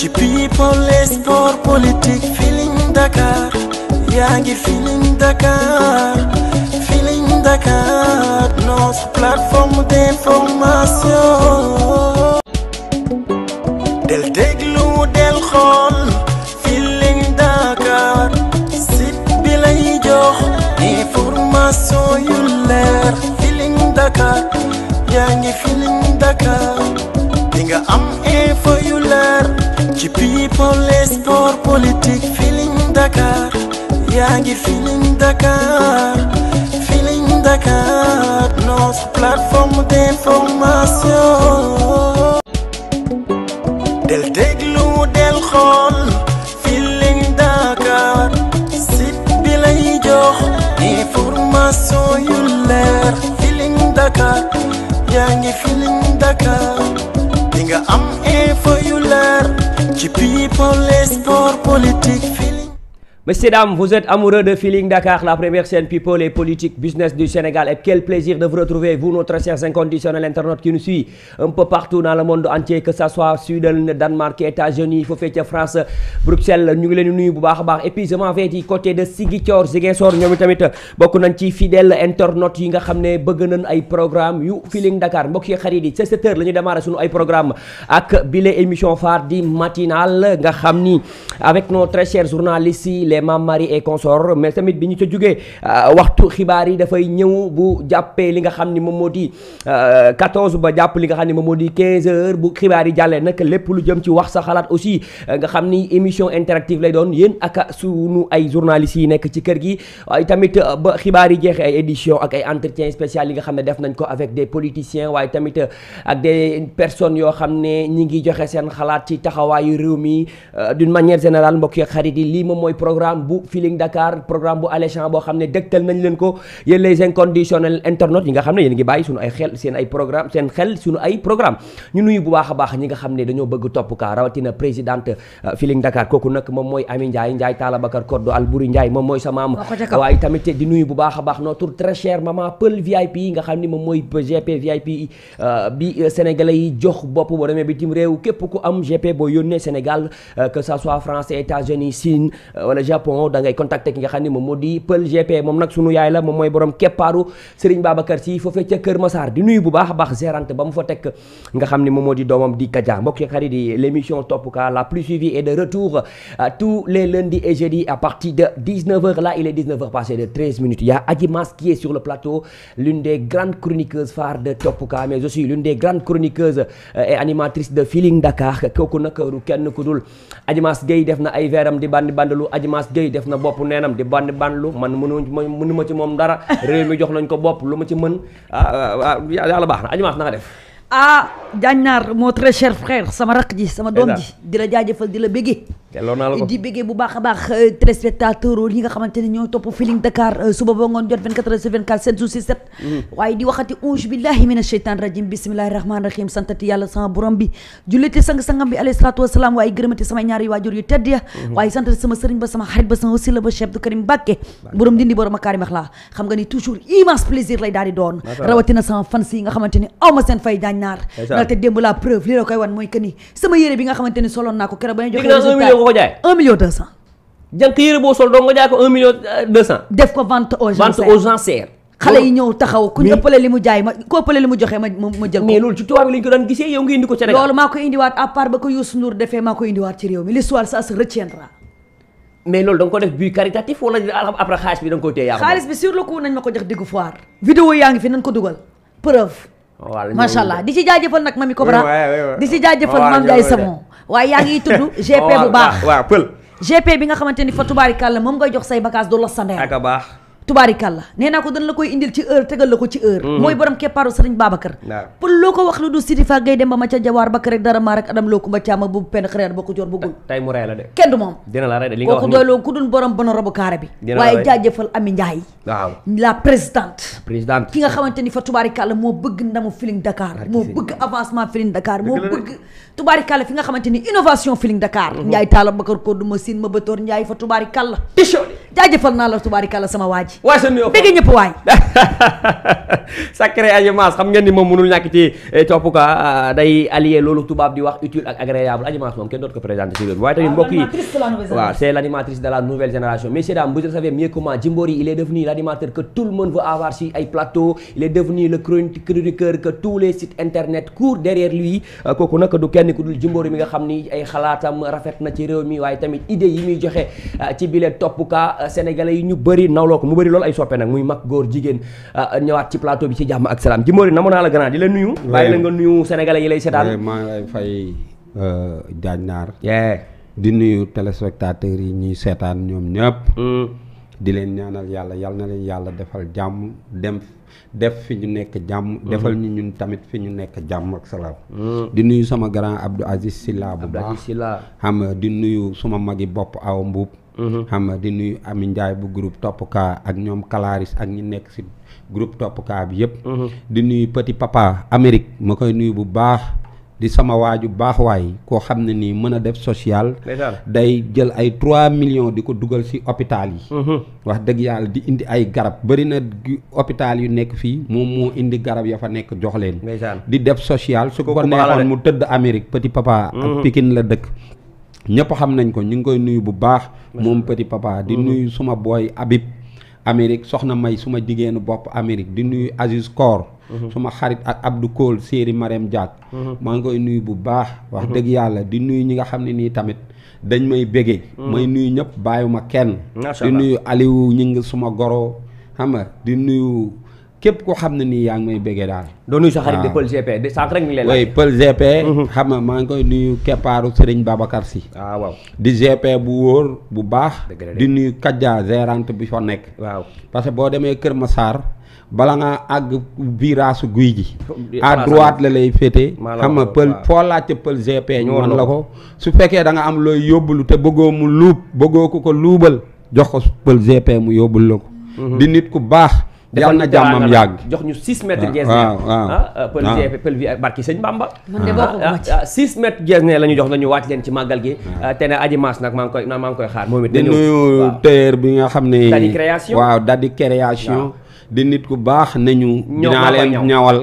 ci people et sport politique Feeling Dakar yaa ngi Feeling Dakar Feeling Dakar notre plateforme d'information. del déglu del xool Feeling Dakar site lay jox information yu leer Feeling Dakar yaa ngi Feeling Dakar. nga am info yu leer ci people et sport politique Dakar yaa ngi Feeling Dakar Feeling Dakar nos plateforme d'information. del déglu del xool Feeling Dakar site bi lay jox information yu leer Dakar yaa ngi Dakar. nga am info yu leer ci people et sport politique Messieurs, dames, vous êtes amoureux de Feeling Dakar, la première scène people et politique business du Sénégal. Et quel plaisir de vous retrouver, vous, notre chers inconditionnels internautes qui nous suit un peu partout dans le monde entier, que ce soit Sud, Danemark, États-Unis, foofee ca France, Bruxelles, ñu ngi leen di bu baax baax. Et puis je m'en de Ziguinchor, Ziguinchor ñoom tamit bokk nañ ci fidèles internautes yi nga xam ne bëgg nañ ay programme yu Feeling Mame Marie et consort mais tamit bi ñu ca jógee euh, waxtu xibaar yi dafay ñëw bu jàppee li nga xam ni moom moo di 14 euh, ba jàpp li nga xam ni moom moo di 15 heures bu xibaar yi jàllee nag lépp lu jëm ci wax sa xalaat aussi euh, nga xam ni émission interactive lay doon yéen ak sunu ay journalistes yi nekk ci kër gi waaye tamit ba xibaar yi jeexee ay édition ak ay entretien spécial yi nga xam ne def nañ ko avec des politiciens waaye tamit ak des personnes yoo xam ne ñu ngi joxe seen xalaat ci taxawaayu réew mi programme bu Feeling Dakar programme bu a kooku nag moom mooy Ami Ndiaye Ndiaye Talla Bakar Kordo Albouri Ndiaye moom mooy sa maam waaye tamit di nuyu bu baax a baax notre très chère maman Peul VIP yi nga xam ne moom mooy GP VIP euh, bi euh, sénégalais yi jox bopp boo demee bitim réew képp ku am GP boo yónnee Sénégal euh, que ça soit France États-Unis Chine Japon da ngay contacter ki nga xam ne moom moo di Peul GP moom nag sunu yaay la moom mooy borom keppaaru Serigne Babacar Sy foofee ca Kër Massar di nuyu bu baax a baax gérante ba mu fa teg nga xam ne moom moo di doomam di Kaja mbokk xarit di l' émission Top Cas la plus suivie et de retour euh, tous les lundis et jeudis partir de 19h là il est 19h passé de 13 minutes y a Adji Mass sur le plateau l'une des des grandes chroniqueuses euh, na ay veram Mass Gueye def na bopp neenam di bandi banlu man mënu mënu ma ci moom dara réew mi jox nañ ko bopp lu ma ci mën ah, ah, ah yàlla baax na Adji Mass na nga def ah jaañ naar moo très cher frère sama rakk ji sama doom ji di la jaajëfal di la béggee delloo di bëggee bu baax baax euh, téléspectateur yi nga xamante ñoo topp Feeling Dakar euh, suba ba ngoon jot 24 heures sur 24 mm. waaye di waxati auzu billahi mina sheytaani rajim bismillahi rahmaani rahim santati yàlla sama borom bi julliti sang-sangam bi alayhi salaatu wasalaam waaye gërëmati samay ñaari waajur yu tedd ya mm-hmm. waaye santati sama sëriñ ba sama xarit ba sama wasila ba Cheikh Karim Mbacké borom dindi borom akaarim axlaa xam nga ni toujours nga ko jaay. 1 yére boo sol dong nga jaay ko 1 million 200. Euh, def ko vente aux enchères xale yi ñëw taxaw ku ñu ëppale li mu jaay ma ku ëppale li mu joxe ma ma jël ko. mais loolu ci tubaab maa ko indiwaat à ba ko Youssou Ndour defee maa ko indiwaat ci réew mi l'histoire ça se retiendra. yaa xaalis bi sur le coup nañ ma ko jox diggu foire. vidéo yaa ngi fi nañ ko dugal preuve. macha allah di ci jaajëfal nag mami Cobra di ci jaajëfal Mame Ndiaye Savon waaye yaa ngi tudd GP bu baax waaw pël GP bi nga xamante ni fa tubaarikàlla moom ngay jox say bagage du la sa ndey ak a baax tubaarikàlla nee naa ko dañ la koy indil ci heure tegal la ko ci heure mm-hmm. mooy borom keppaaru sëriñ Babacar pour loo ko wax lu du Sidi Fa dem ba ma ca jawaar bakk rek dara maa rek adam loo kumba caama bu penn xëreer ba bi waaye jaajëfal Ami Ndiaye la présidente présidente nga xamante ni fa tubaarikàlla moo bëgg ndamu Feeling fi nga xamante innovation Feeling Dakar mm-hmm. Ndiaye Talla Bakar Koduma Sine ma Batoor Ndiaye fa tubaarikàlla jaajëfal naa la tubaarikàlla waaye sa nuyoo bëgg ñëpp waay sacré Adji moom mënul ñàkk ci eh, topp ka ah, ah, day allier loolu tubaab di wax utile ak agréable Adji Mass moom ah, mbokk yi waaw c'est de la nouvelle génération messieurs dames vous savez mieux que moi Djimbory il est le monde veut avoir il est devenu le chroniqueur que tous les sites internet courent derrière lui euh, kooku nag du kenn ku dul Djimbory mi nga xam ni ay xalaatam rafet na ci réew mi waaye tamit idée yi muy joxe euh, ci bile topp ka euh, sénégalais yi ñu bëri nawloo ko mu bëri loolu ay soppe nag muy mag góor jigéen ah, ñawaat ci plateau bi ci jàmm ak salaam Jimbori moo naa la grand di la nuyu waaye la nga nuyu sénégalais yi lay seetaan maa ngi lay fay jaañ euh, naar di nuyu téléspectateurs yi ñuy seetaan ñoom ñëpp mm. di leen ñaanal yàlla yàlla na leen yàlla defal jàmm dem def fi ñu nekk jàmm mm-hmm. defal ñu ñun tamit fi ñu nekk jàmm ak salaam mm. di nuyu sama grand Abdou Aziz Silla bu baax xam di nuyu suma magi bopp aw mbub Mhm. xam nga di nuyu Ami Ndiaye bu groupe toppkaa ak ñoom Kalaris ak ñi nekk si groupe toppkaa bi yëpp. Mhm. di nuyu petit papa Amérique ma koy nuyu bu baax di sama waaju baax waay koo xam ne nii mën a def social. day jël ay 3 millions di ko dugal si hôpital yi. Mhm. wax dëgg yàlla di indi ay garab bëri na hôpital yu nekk fii moom moo indi garab ya fa nekk jox leen. di def social su ko neexoon mu tëdd Amérique petit papa. ak Pikine la dëkk. ñépp xam nañ ko ñu ngi koy nuyu bu baax moom petit papa di nuyu suma booy Habib Amérique soxna May suma jigéenu bopp Amérique di nuyu Aziz Kor mhm. suma xarit ak Abdou Kool Séeri Marème Diack mhm. maa ngi koy nuyu bu baax wax mhm. dëgg yàlla di nuyu ñi nga xam ne nii tamit dañ may béggee may nuyu ñëpp bàyyiwuma kenn di nuyu Aliou ñi ngi suma goro xam di nuyu képp ko xam ne nii yaa ngi may béggee daal. doo nuyu sa xarit Pël GP de sànq rek mi ngi Pël GP. Mm-hmm. xam nga maa ngi koy nuyu keppaaru Serigne Babacar Sy. waaw ah, waaw di GP bu wóor bu baax. di nuyu Kadja gérante bi fa nekk. waaw parce que boo demee Kër Massar. bala nga àgg virage guy gi. à droite la lay féete. xam na pël foo laajte pël GP. ñu wan la ko su fekkee da nga am looy yóbbulu te bëggoo mu luub bëggoo ko ko luubal jox ko pël GP mu yóbbul la ko. Mm-hmm. di nit ku baax. defal na jàmmam yàgg jox ñu 6 mètres gees ah pël bi pël bi barki sëñ Bamba ah, ah, ah, six mètres la ñu jox nañu wàcc leen ci màggal gi te aji maas nag maa ngi koy maa ngi koy xaar moom it bi nga xam ne dadi création waaw dadi création di nit ku baax nañu dinaa leen ñawal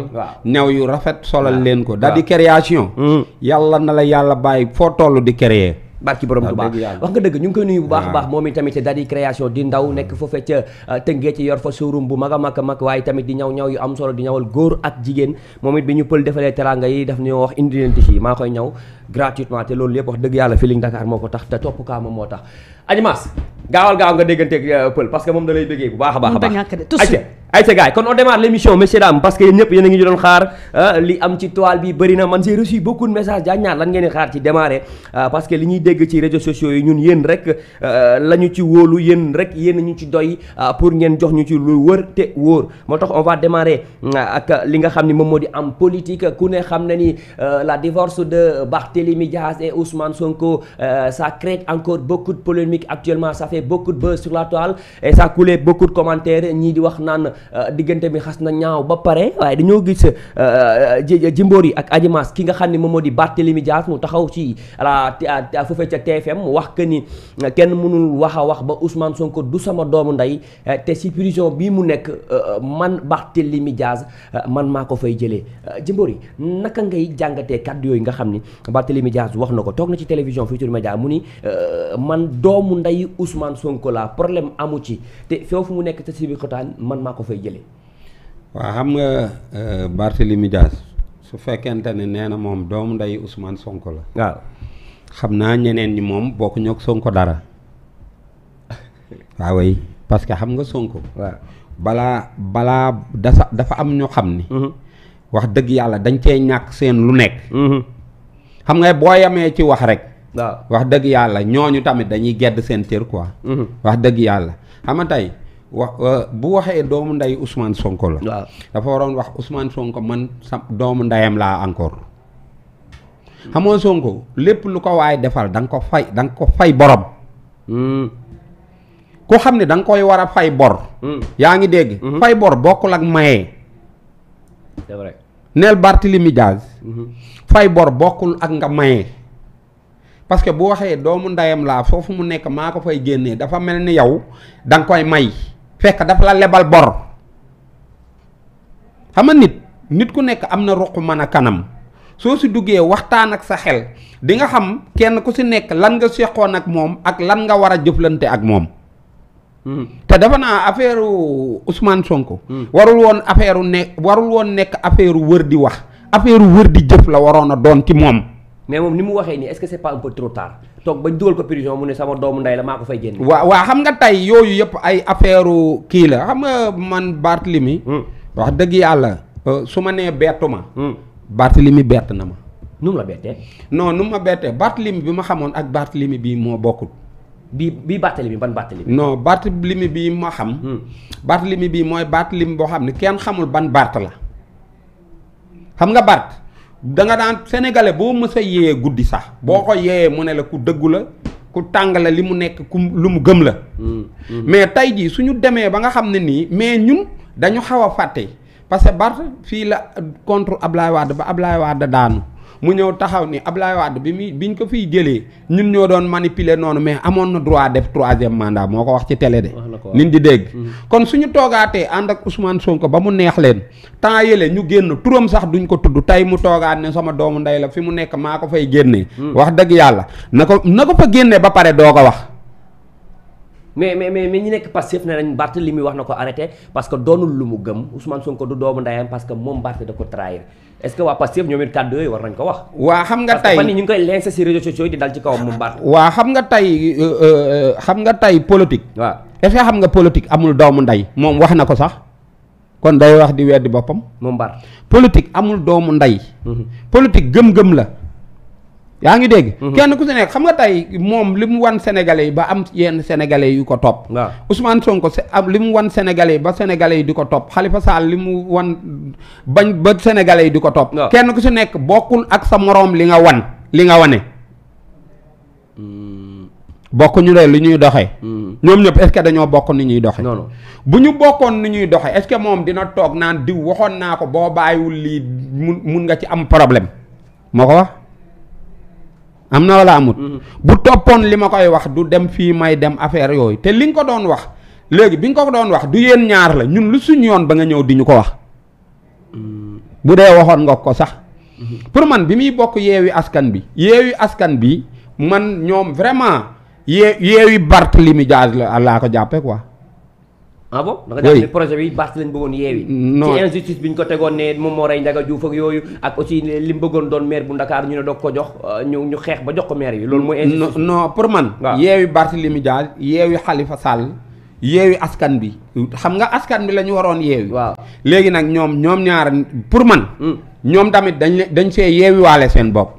ñaw yu rafet solal leen ko dadi création mm. yàlla na la yàlla bàyyi foo toll di créer barki borom Tuubaa wax nga dëgg ñu ngi koy nuyu bu baax a baax moom i tamit daal création di ndaw nekk foofee ca uh, tëngee ci yor fa showroom bu mag a mag a mag waaye tamit di ñaw ñaw yu am solo di ñawal góor ak jigéen moom it bi ñu pël defalee teranga yi daf ñoo wax indi leen tissu yi maa koy ñaw gratuitement te loolu lépp wax dëgg yàlla Feeling Dakar moo ko tax te topp kaa moom moo tax Adji Mass gaawal gaaw nga dégganteeg uh, pël parce que moom da baax a a ayca gars kon on démarre l'émission messieurs dames parce que yéen ñëpp a ngi ñu doon xaar euh, li am ci toile bi bëri na man si reçu beaucoup de messages jaa ñaar lan ngeen xaar ci démarrer euh, parce que li ñuy dégg ci réseaux sociaux yi ñun yéen rek euh, la ñu ci wóolu yéen rek yéen ñu ci doy pour ngeen jox ñu ci lu wër te wóor moo tax on va démarrer ak li nga xam ni moom moo di am politique ku ne xam na ni la divorce de Barthélémy Dias et Ousmane Sonko ça crée encore beaucoup de polémique actuellement ça fait beaucoup de buzz sur la toile et ça coule ñii di wax naan Euh, diggante bi xas na ñaaw ba pare waaye dañoo gis euh, euh, jimboor yi ak ajimas ki nga xam ne moom moo di Barthélemy Dias mu taxaw ci la foofee ca TFM wax que ni kenn mënul wax a wax ba Ousmane Sonko du sama doomu ndey te si bii mu nekk man Barthélemy Dias man maa ko fay jëlee jimboor yi naka ngay jàngatee kàddu yooyu nga xam ni Barthélemy Dias wax na ko toog na ci télévision Futurs Médias mu ni man doomu ndey Ousmane Sonko laa problème amu ci te foofu mu nekk te si man maa ko fay jëlee. waaw xam nga euh, Barthélemy Dias su fekkente ne nee na moom doomu nday Ousmane Sonko la. xam naa ñeneen ñi moom bokk ñoog Sonko dara. waaw oui parce que xam nga Sonko. balaa balaa dasa dafa am ñoo xam ni. Mm-hmm. wax dëgg yàlla dañ cee ñàkk seen lu nekk. Mm-hmm. xam nga boo yamee ci wax rek. waaw wax dëgg yàlla ñooñu tamit dañuy gedd seen cër quoi. Mm-hmm. wax dëgg yàlla xam nga tey. wax bu waxee doomu nday Ousmane Sonko la. dafa waroon wax Ousmane Sonko man sa doomu ndayam laa encore. xamoo Sonko lépp lu ko waay defal da nga ko fay danga ko fay borom. Hmm. ku xam ne danga koy war a fay bor. Hmm. yaa ngi dégg. Hmm. fay bor bokkul ak maye. c'est vrai fay bor bokkul ak nga maye. parce que bu waxee doomu ndeyam laa foofu mu nekk maa ko fay génnee dafa mel ni yow danga koy may. fekk dafa la lebal bor xam nga nit nit ku nekk am na ruq mën a kanam soo si duggee waxtaan ak sa xel di nga xam kenn ku si nekk lan nga seqoon ak moom ak lan nga war a jëflante ak moom hmm. te dafa naa affaire Ousmane Sonko. Hmm. warul woon affaire ne warul woon nekk affaire wër di wax affaire wër di jëf la waroon a doon ci moom. mais moom ni mu waxee nii est-ce que c'est pas un peu trop tard. toog bañ dugal ko prison mu ne sama doomu ndey la maa ko fay génne. waa waaw xam nga tey yooyu yëpp ay affaire kii la xam nga man Barthélemy hmm. wax dëgg yàlla euh, su ma nee bettu ma. Hmm. Barthélemy bett na ma. nu mu la bettee. non nu mu ma bettee Barthélemy bi ma xamoon ak limi bi moo bokkul. bi bi Barthélemy ban Barthélemy. non Barthélemy bi ma xam. Hmm. Barthélemy bi mooy Barthélemy boo xam ne kenn xamul ban Barth la xam nga Barth. da nga daan sénégalais boo mës a yee guddi sax boo ko yee mu ne la ku dëggu la ku tàng la li mu nekk ku lu mu gëm la. Mm, mm. mais tey jii ñu demee ba nga xam ne nii mais ñun dañu xaw a fàtte parce que Barth fii la contre ab Ablaye Wade ba Ablaye Wade daanu. mu ñëw taxaw ni Ablaye Wade bi muy biñ ko fiy jëlee ñun ñoo doon manipuler noonu mais amoon na droit def troisième mandat moo ko wax ci télé de. nit di dégg. Mhm. kon suñu toogaatee ànd ak Ousmane Sonko ba mu neex leen temps yële ñu génn turam sax duñ ko tudd tey mu toogaat ne sama doomu ndey la fi mu nekk maa ko fay génnee. Mhm. wax dëgg yàlla na ko na ko fa génnee ba pare doo ko wax. mais mais mais mais ñi nekk Pastef ne nañ Barthélémy wax na ko arrêté parce que doonul lu mu gëm Ousmane Sonko du doomu ndayam parce que moom Barthé da ko trahir est-ce que waa Pastef ñoom it kàddu xam nga tey parce euh, euh, xam nga tey xam nga tey xam nga politique amul doomu nday moom wax na ko sax. kon day wax di weddi boppam. moom Barthé politique amul doomu nday mhm. politique gëm-gëm la. yaa ngi dégg. Mhm. kenn ku si nekk xam nga tey moom li mu wan sénégalais yi ba am yenn sénégalais yu ko topp. waaw Ousmane Sonko am li mu wan sénégalais yi ba sénégalais yi di ko topp Khalifa Sall li mu wan bañ ba sénégalais yi di ko topp. kenn ku si nekk bokkul ak sa moroom li nga wan li nga wane. Hmm. bokkuñu de li ñuy doxee. Hmm. ñoom ñëpp est-ce dañoo bokk ni ñuy doxee. non bu ñu bokkoon ni ñuy doxee est-ce que moom dina toog naan diw waxoon naa ko boo bàyyiwul lii mun mun nga ci am problème moo am na wala amut. Mm-hmm. bu toppoon li ma koy wax du dem fii may dem affaire yooyu te li nga ko doon wax léegi bi nga ko doon wax du yéen ñaar la ñun lu suñu yoon ba nga ñëw di ñu ko wax. Mm-hmm. bu dee waxoon nga ko sax. Mm-hmm. pour man bi muy bokk yeewi askan bi yeewi askan bi man ñoom vraiment yee yeewi li Dias la laa ko jàppee quoi. ah bon da nga jàpp ne projet bi Barth lañ bëggoon yeewi ci injustice bi ñu ko tegoon ne moom moo rey Ndiaga Diouf ak yooyu ak aussi li mu bëggoon doon maire bu Ndakaar ñu ne doog ko jox euh, ñu ñu xeex ba jox ko maire yi loolu mooy injustice non pour man yeewi Barthélémy Dias yeewi Khalifa Sall yeewi askan bi xam nga askan bi lañu waroon yeewi waaw léegi nag ñoom ñoom ñaar pour man hmm. ñoom tamit dañ dañ see yeewi waale seen bopp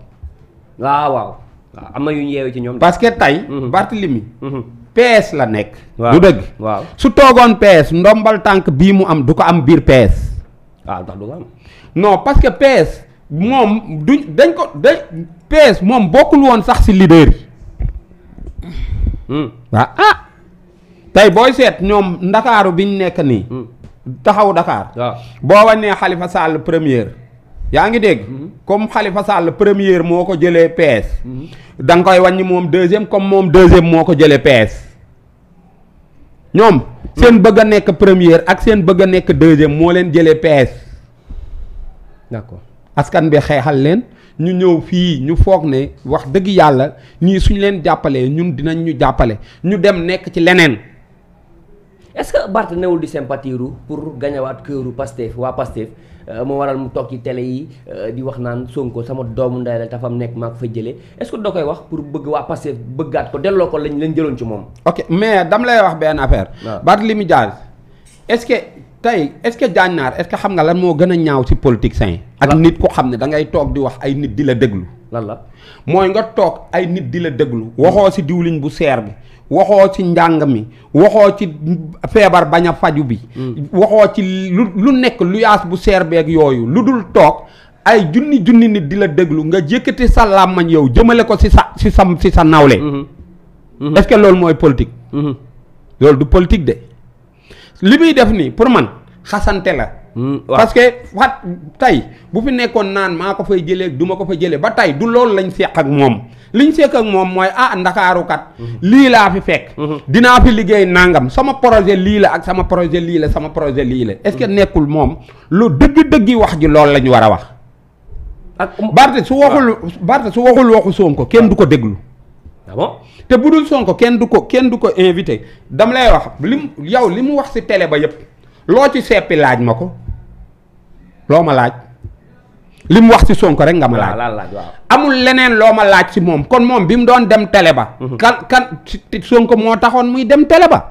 waaw waaw waaw am na yu ñu yeewi ci ñoom parce que tey hmm. Barthélémy hmm. PS la nekk. waaw du dëgg. su toogoon PS ndombal tànk bii mu am du ko am biir PS. waaw ndax du parce que PS moom duñ dañ ko dañ PS moom bokkul woon sax ci leader yi. Hmm. waa ah tey booy seet ñoom ndakaaru biñ nekk nii. Hmm. taxaw ndakaar boo wanee Khalifa Sall première. yaa ngi dégg hmm. comme Khalifa Sall première moo ko jëlee PS. da nga koy wàññi moom deuxième comme moom deuxième moo ko jëlee PS. ñoom seen hmm. bëgg a nekk première ak seen bëgg a nekk deuxième moo leen jëlee PS d'accord askan bi xeexal leen ñu ñëw fii ñu foog ne wax dëgg yàlla ñii suñ leen jàppalee ñun dinañ ñu jàppale ñu dem nekk ci leneen. est-ce que Barth newul di sympathie pour gañawaat këru Pastef waa Pastef. Euh, moo waral mu toog ci télé yi euh, di wax naan Sonko sama doomu nday la tafam nekk maa fa jëlee est-ce koy wax pour bëgg waa Pastef bëggaat ko delloo ko lañ lañ jëloon ci moom. ok mais dam lay wax benn affaire. waaw Barthélémy Dias est-ce que tey est-ce que Diagne est-ce que xam nga lan moo gën a ñaaw ci politiciens yi. ak nit ku xam ne dangay toog di wax ay nit di la déglu. lan la mooy nga toog ay nit di la déglu waxoo si diwlin bu seer bi. waxoo ci njàng mi waxoo ci feebar bañ a faju bi mm. waxoo ci lu lu nekk luyaas bu seer beeg yooyu lu dul toog ay junni junni nit di la déglu nga jëkkati sa làmmañ yow jëmale ko si sa si sa si sa nawle mm-hmm. Mm-hmm. est-ce loolu mooy politique mm-hmm. loolu du politique de li muy def nii pour man xasante la Hmm, parce que fat tey bu fi nekkoon naan maa ko fay jëlee du ma ko fa jëlee ba tey du loolu lañ seq ak moom liñ seq ak moom mooy ah ndakaarukat kat hmm. lii laa fi fekk hmm. dinaa fi liggéey nangam sama projet lii la ak sama projet lii la sama projet lii la est-ce que nekkul moom lu dëgg-dëggi wax ji loolu la ñu war a wax ak Barth su waxul ah. Barth su waxul waxu Sonko kenn ah. du ko déglu ah te bu dul Sonko kenn du ko kenn du ko invité dam lay wax li mu yow li mu wax si télé ba yëpp loo ci seppi laaj ma ko loo ma laaj li mu wax ci sonk rek nga ma laaj amul leneen loo ma laaj si moom kon moom bi mu doon dem tele ba mhm. kan kan Sonko moo taxoon muy dem tele ba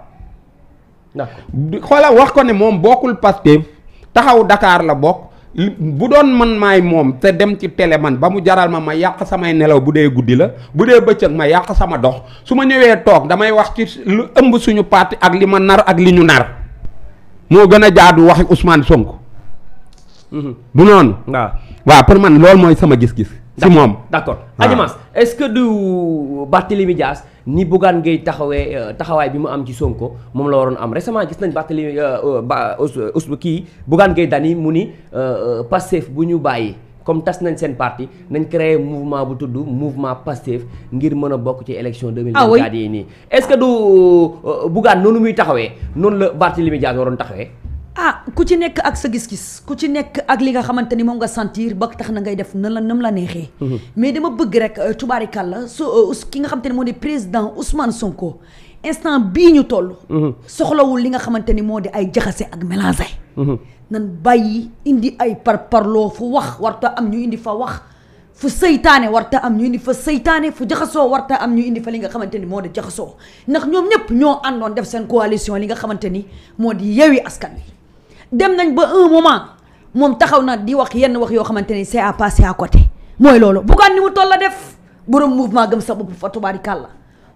xoola wax ko ne moom bokkul Pastef taxaw Dakar la bokk bu doon man maay moom te dem ci télé man ba mu jaral ma ma yàq samay nelaw bu dee guddi la bu dee bëccëg ma yàq sama dox su ma ñëwee toog damay wax ci lu ëmb suñu parti ak li ma nar ak li ñu nar moo gën a jaadu waxi Ousmane Sonko. Mhm. du noonu. waa waaw pour man loolu mooy sama gis-gis. si moom d'accord Adji Mass est-ce que du Barthélémy Dias ni Bougane Gueye taxawee euh, taxawaay bi mu am ci Sonko moom la waroon am rek récemment gis nañ Barthélémy euh, euh, ba kii Bougane Gueye dani mu ni Pastef bu ñu bàyyi. comme tas nañ seen parti nañ créer mouvement bu tudd mouvement Pastef ngir mën a bokk ci élection 2024 ah yi nii est-ce que du euh, euh, Bougane noonu muy taxawee noonu la Barthélémy Dias waroon taxawee ah ku ci nekk ak sa gis-gis ku ci nekk ak li nga xamante ni moom nga sentir ba tax na ngay def na la nam la neexee mhm. mais dama bëgg rek euh, tubaarikàlla so ki nga xamante ni moo di président Ousmane Sonko instant bii ñu toll mhm. soxlawul li nga xamante ni moo di ay jaxase ak mélange mhm. nan bàyyi indi ay par parparloo fu wax warta am ñu indi fa wax fu seytaane warta am ñu indi fa seytaane fu jaxasoo warta am ñu indi fa li nga xamante ni moo di jaxasoo ndax ñoom ñëpp ñoo àndoon def seen coalition li nga xamante ni moo di yewi askan wi dem nañ ba moment moom taxaw na di wax yenn wax yoo xamante ni c'est à passer à côté mooy loolu buggaan ni mu toll la def borom mouvement gëm sa bopp fa la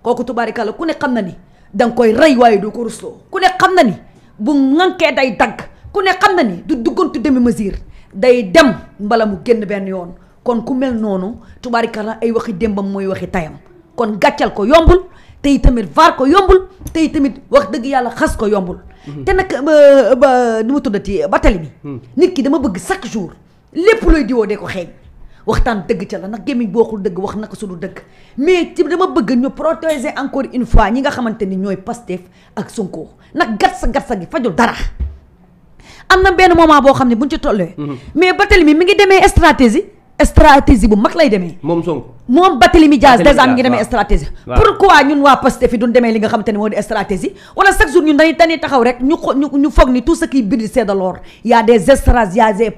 kooku tubaarikàlla ku ne xam na ni danga koy rey waaye doo ko rusloo ku ne xam na ni bu ngankee day dagg ku ne xam na ni du duggantu demi mesure day dem mbala mu génn benn yoon kon ku mel noonu tubaarikala ay waxi démbam mooy waxi tayam kon gàccal ko yombul tey tamit vaar ko yombul tey tamit wax dëgg yàlla xas ko yombul. Mhm. te nag ba nu ma tuddati batali bi. Mhm. nit ki dama bëgg chaque jour lépp looy diwoo de ko xeeñ waxtaan dëgg ca la nag gémmiñ boo xul dëgg wax naka sunu dëgg mais ci dama bëgg ñu protéger encore une fois ñi nga xamante ni ñooy Pastef ak Sonko nag gat sa gi fajul dara. am na benn moment boo xam ne buñ ci tollee. Mhm. mais Barthélemy mi ngi demee stratégie. stratégie bu mag lay demee. moom Sonko moom Barthélemy Dias dèjà mi ngi demee stratégie. pourquoi ñun waa Pastef fi duñ demee li nga xamante ne moo di stratégie. wala chaque jour ñun dañuy dañuy taxaw rek ñu xo ñu foog ni tout ce qui brille c'est de l'or y a des stratégies y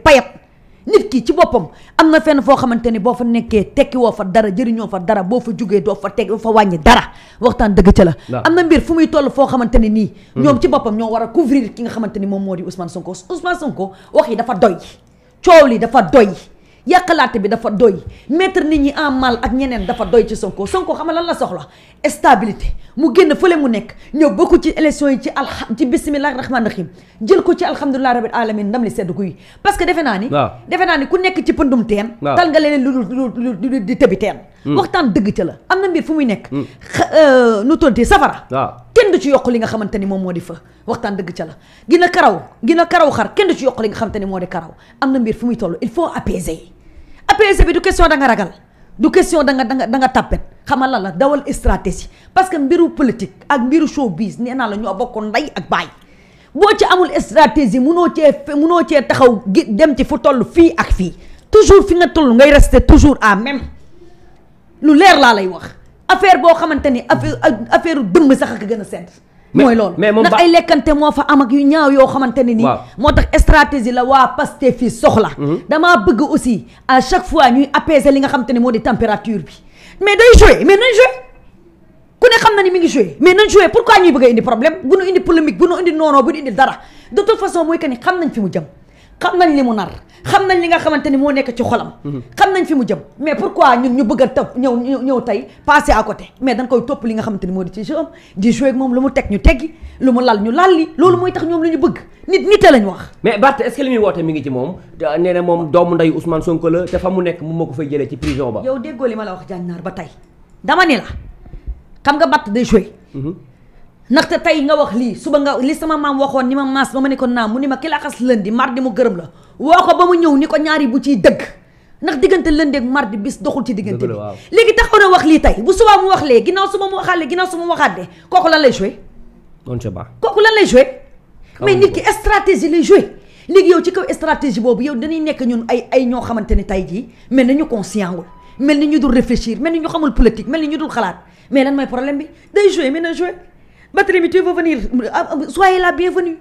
nit ki ci boppam am na fenn foo xamante ni boo fa nekkee tekki woo fa dara jëriñoo fa dara boo fa jugee doo fa teg doo fa wàññi dara waxtaan dëgg ca la am na mbir fu muy toll foo xamante ne nii hmm. ñoom ci boppam ñoo war a couvrir ki nga xamante ni moom moo di Ousmane Sonko Ousmane Sonko wax yi dafa doy coow li dafa doy yàqalaate bi dafa doy mettre nit ñi en mal ak ñeneen dafa doy ci Sonko Sonko xam lan la soxla stabilité mu génn fële mu nekk ñëw bokku ci élection yi ci alxam ci bisimilah na rahim jël ko ci alhamdulilah rabil alamin ndam li sedd guy parce que defe naa ni. defe naa ni ku nekk ci pëndum teen. tal nga leen lu lu lu di tëbi Hmm. waxtaan dëgg ca la am na mbir fu muy nekk hmm. euh, nu tontee safara kenn du ci yokk li nga xamante ni moom moo di fa waxtaan dëgg ca la gina karaw gina karaw xar kenn du ci yokk li nga xamante ni moo di karaw am na mbir fu muy toll il faut apaiser apaiser bi du question da nga ragal du question danga nga da nga tàppet xamal la la dawal stratégie parce que mbiru politique ak mbiru showbiz nee naa la ñoo bokk ndey ak baay boo ci amul stratégie munoo cee munoo cee taxaw dem ci fu toll fii ak fii toujours fi nga toll ngay rester toujours à même lu leer laa lay wax affaire boo xamante ni affaire affaire dëmm sax ak gën a sedd. mooy lool ndax ay lekkante moo fa am ak yu ñaaw yoo xamante ne nii. moo tax stratégie la waa Pastef fii soxla. Mhm. damaa bëgg aussi à chaque fois ñuy apaiser li nga xamante ne moo di température bi mais day joué mais nañ joué. ku ne ni mi ngi joué mais nañ joué pourquoi ñuy bëgg a indi problème bu nu indi polémique bu nu indi noonoo bu nu indi dara de façon mooy que ni xam nañ fi mu jëm. xam nañ li mu nar xam nañ li nga xamante ni moo nekk ci xolam mhm. xam nañ fi mu jëm mais pourquoi ñun ñu bëgg a tëb ñëw ñëw tey passé à côté mais dañ koy topp li nga xamante ni moo di ci jeu am di jouer ak moom lu mu teg ñu teggi lu mu lal ñu lal li loolu mooy tax ñoom lu ñu bëgg nit nite lañ wax mais Barth est-ce woote mi ngi ci moom nee moom doomu ndeyu Ousmane Sonko la te fa mu nekk moom moo ko fay jëlee ci prison ba yow déggoo li ma la wax jànnaar ba tey dama xam nga Barth day ndaxte tey nga wax lii suba nga li sama maam waxoon ni ma maas ba ma ne ko naam mu ni ma ki la xas lëndi mardi mu gërëm la woo ko ba mu ñëw ni ko ñaari bu ci dëgg ndax diggante lëndi ak mardi bis doxul ci diggante bi léegi taxaw na wax lii tey bu subaa mu wax lee ginnaaw suba mu waxaale ginnaaw suba mu waxaatee kooku lan lay joué kooku lan lay joué mais nit ki stratégie lay joué léegi yow ci kaw stratégie boobu yow dañuy nekk ñun ay ay ñoo xamante ni tey jii mel nañu conscient wul mel ni ñu xamul politique mel ni ñu xalaat mais lan mooy problème bi day joué mais Barthélemy, tu veux venir soyez la bienvenue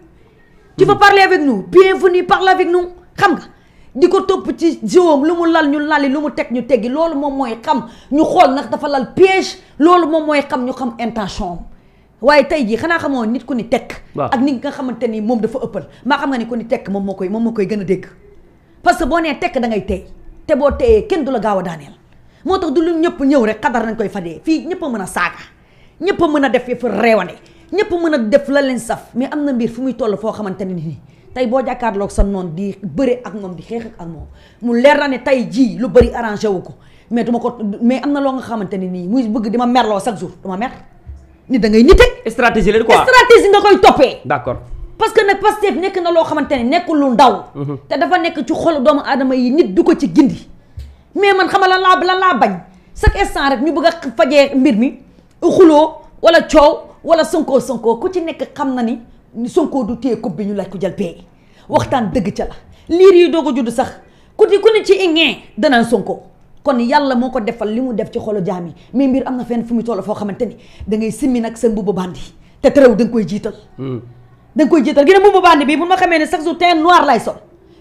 tu veux parler avec nous bienvenue parle avec nous xam nga di ko topp ci jiwam lu mu lal ñu lali lu mu teg ñu teggi loolu moom mooy xam ñu xool nag dafa lal piège loolu moom mooy xam ñu xam intention waaye tey jii xanaa xamoo nit ku ni tekk ak nit nga xamante ni moom dafa ëppal maa xam nga ni ku ni tekk moom moo koy moom moo koy gën a dégg parce que boo nee tekk da ngay tey te boo teyee kenn du la gaaw a daaneel moo tax du lu ñëpp ñëw rek xadar nañ koy fadee fii ñëpp mën a saaga ñëpp mën a def yëfu reewane ñëpp mën a def la leen saf mais am na mbir fu muy toll foo xamante ne nii tey boo jàkkaarloog sa noon di bëre ak moom di xeex ak moom mu leer na ne tey jii lu bëri arrangé wu ko mais ma ko mais am na loo nga xamante ne nii muy bëgg dima merloo chaque jour duma mer ni da ngay nite stratégie leen quoi stratégie nga koy toppee d'accord parce que nag Pastef nekk na loo xamante ne nekkul lu ndaw mhm. te dafa nekk ci xolu doomu aadama yi nit du ko ci gindi mais man xama lan laa lan laa bañ chaque instant rek ñu bëgg a fajee mbir mi xuloo wala coow wala Sonko Sonko ku ci nekk xam na ni Sonko du téye coupe bi ñu laaj ko jël pay waxtaan dëgg ca la liir yi doo ko judd sax ku ci ku ne ci iñee danaan Sonko kon yàlla moo ko defal li mu def ci xolu jaam yi mais mbir am na fenn fu mu toll foo xamante ni da ngay simmi nag sa mbubu bandi te terew da koy jiital. da nga koy jiital hmm. gi ne mbubu bii bi bu ma xamee ne chaque jour teint noir lay sol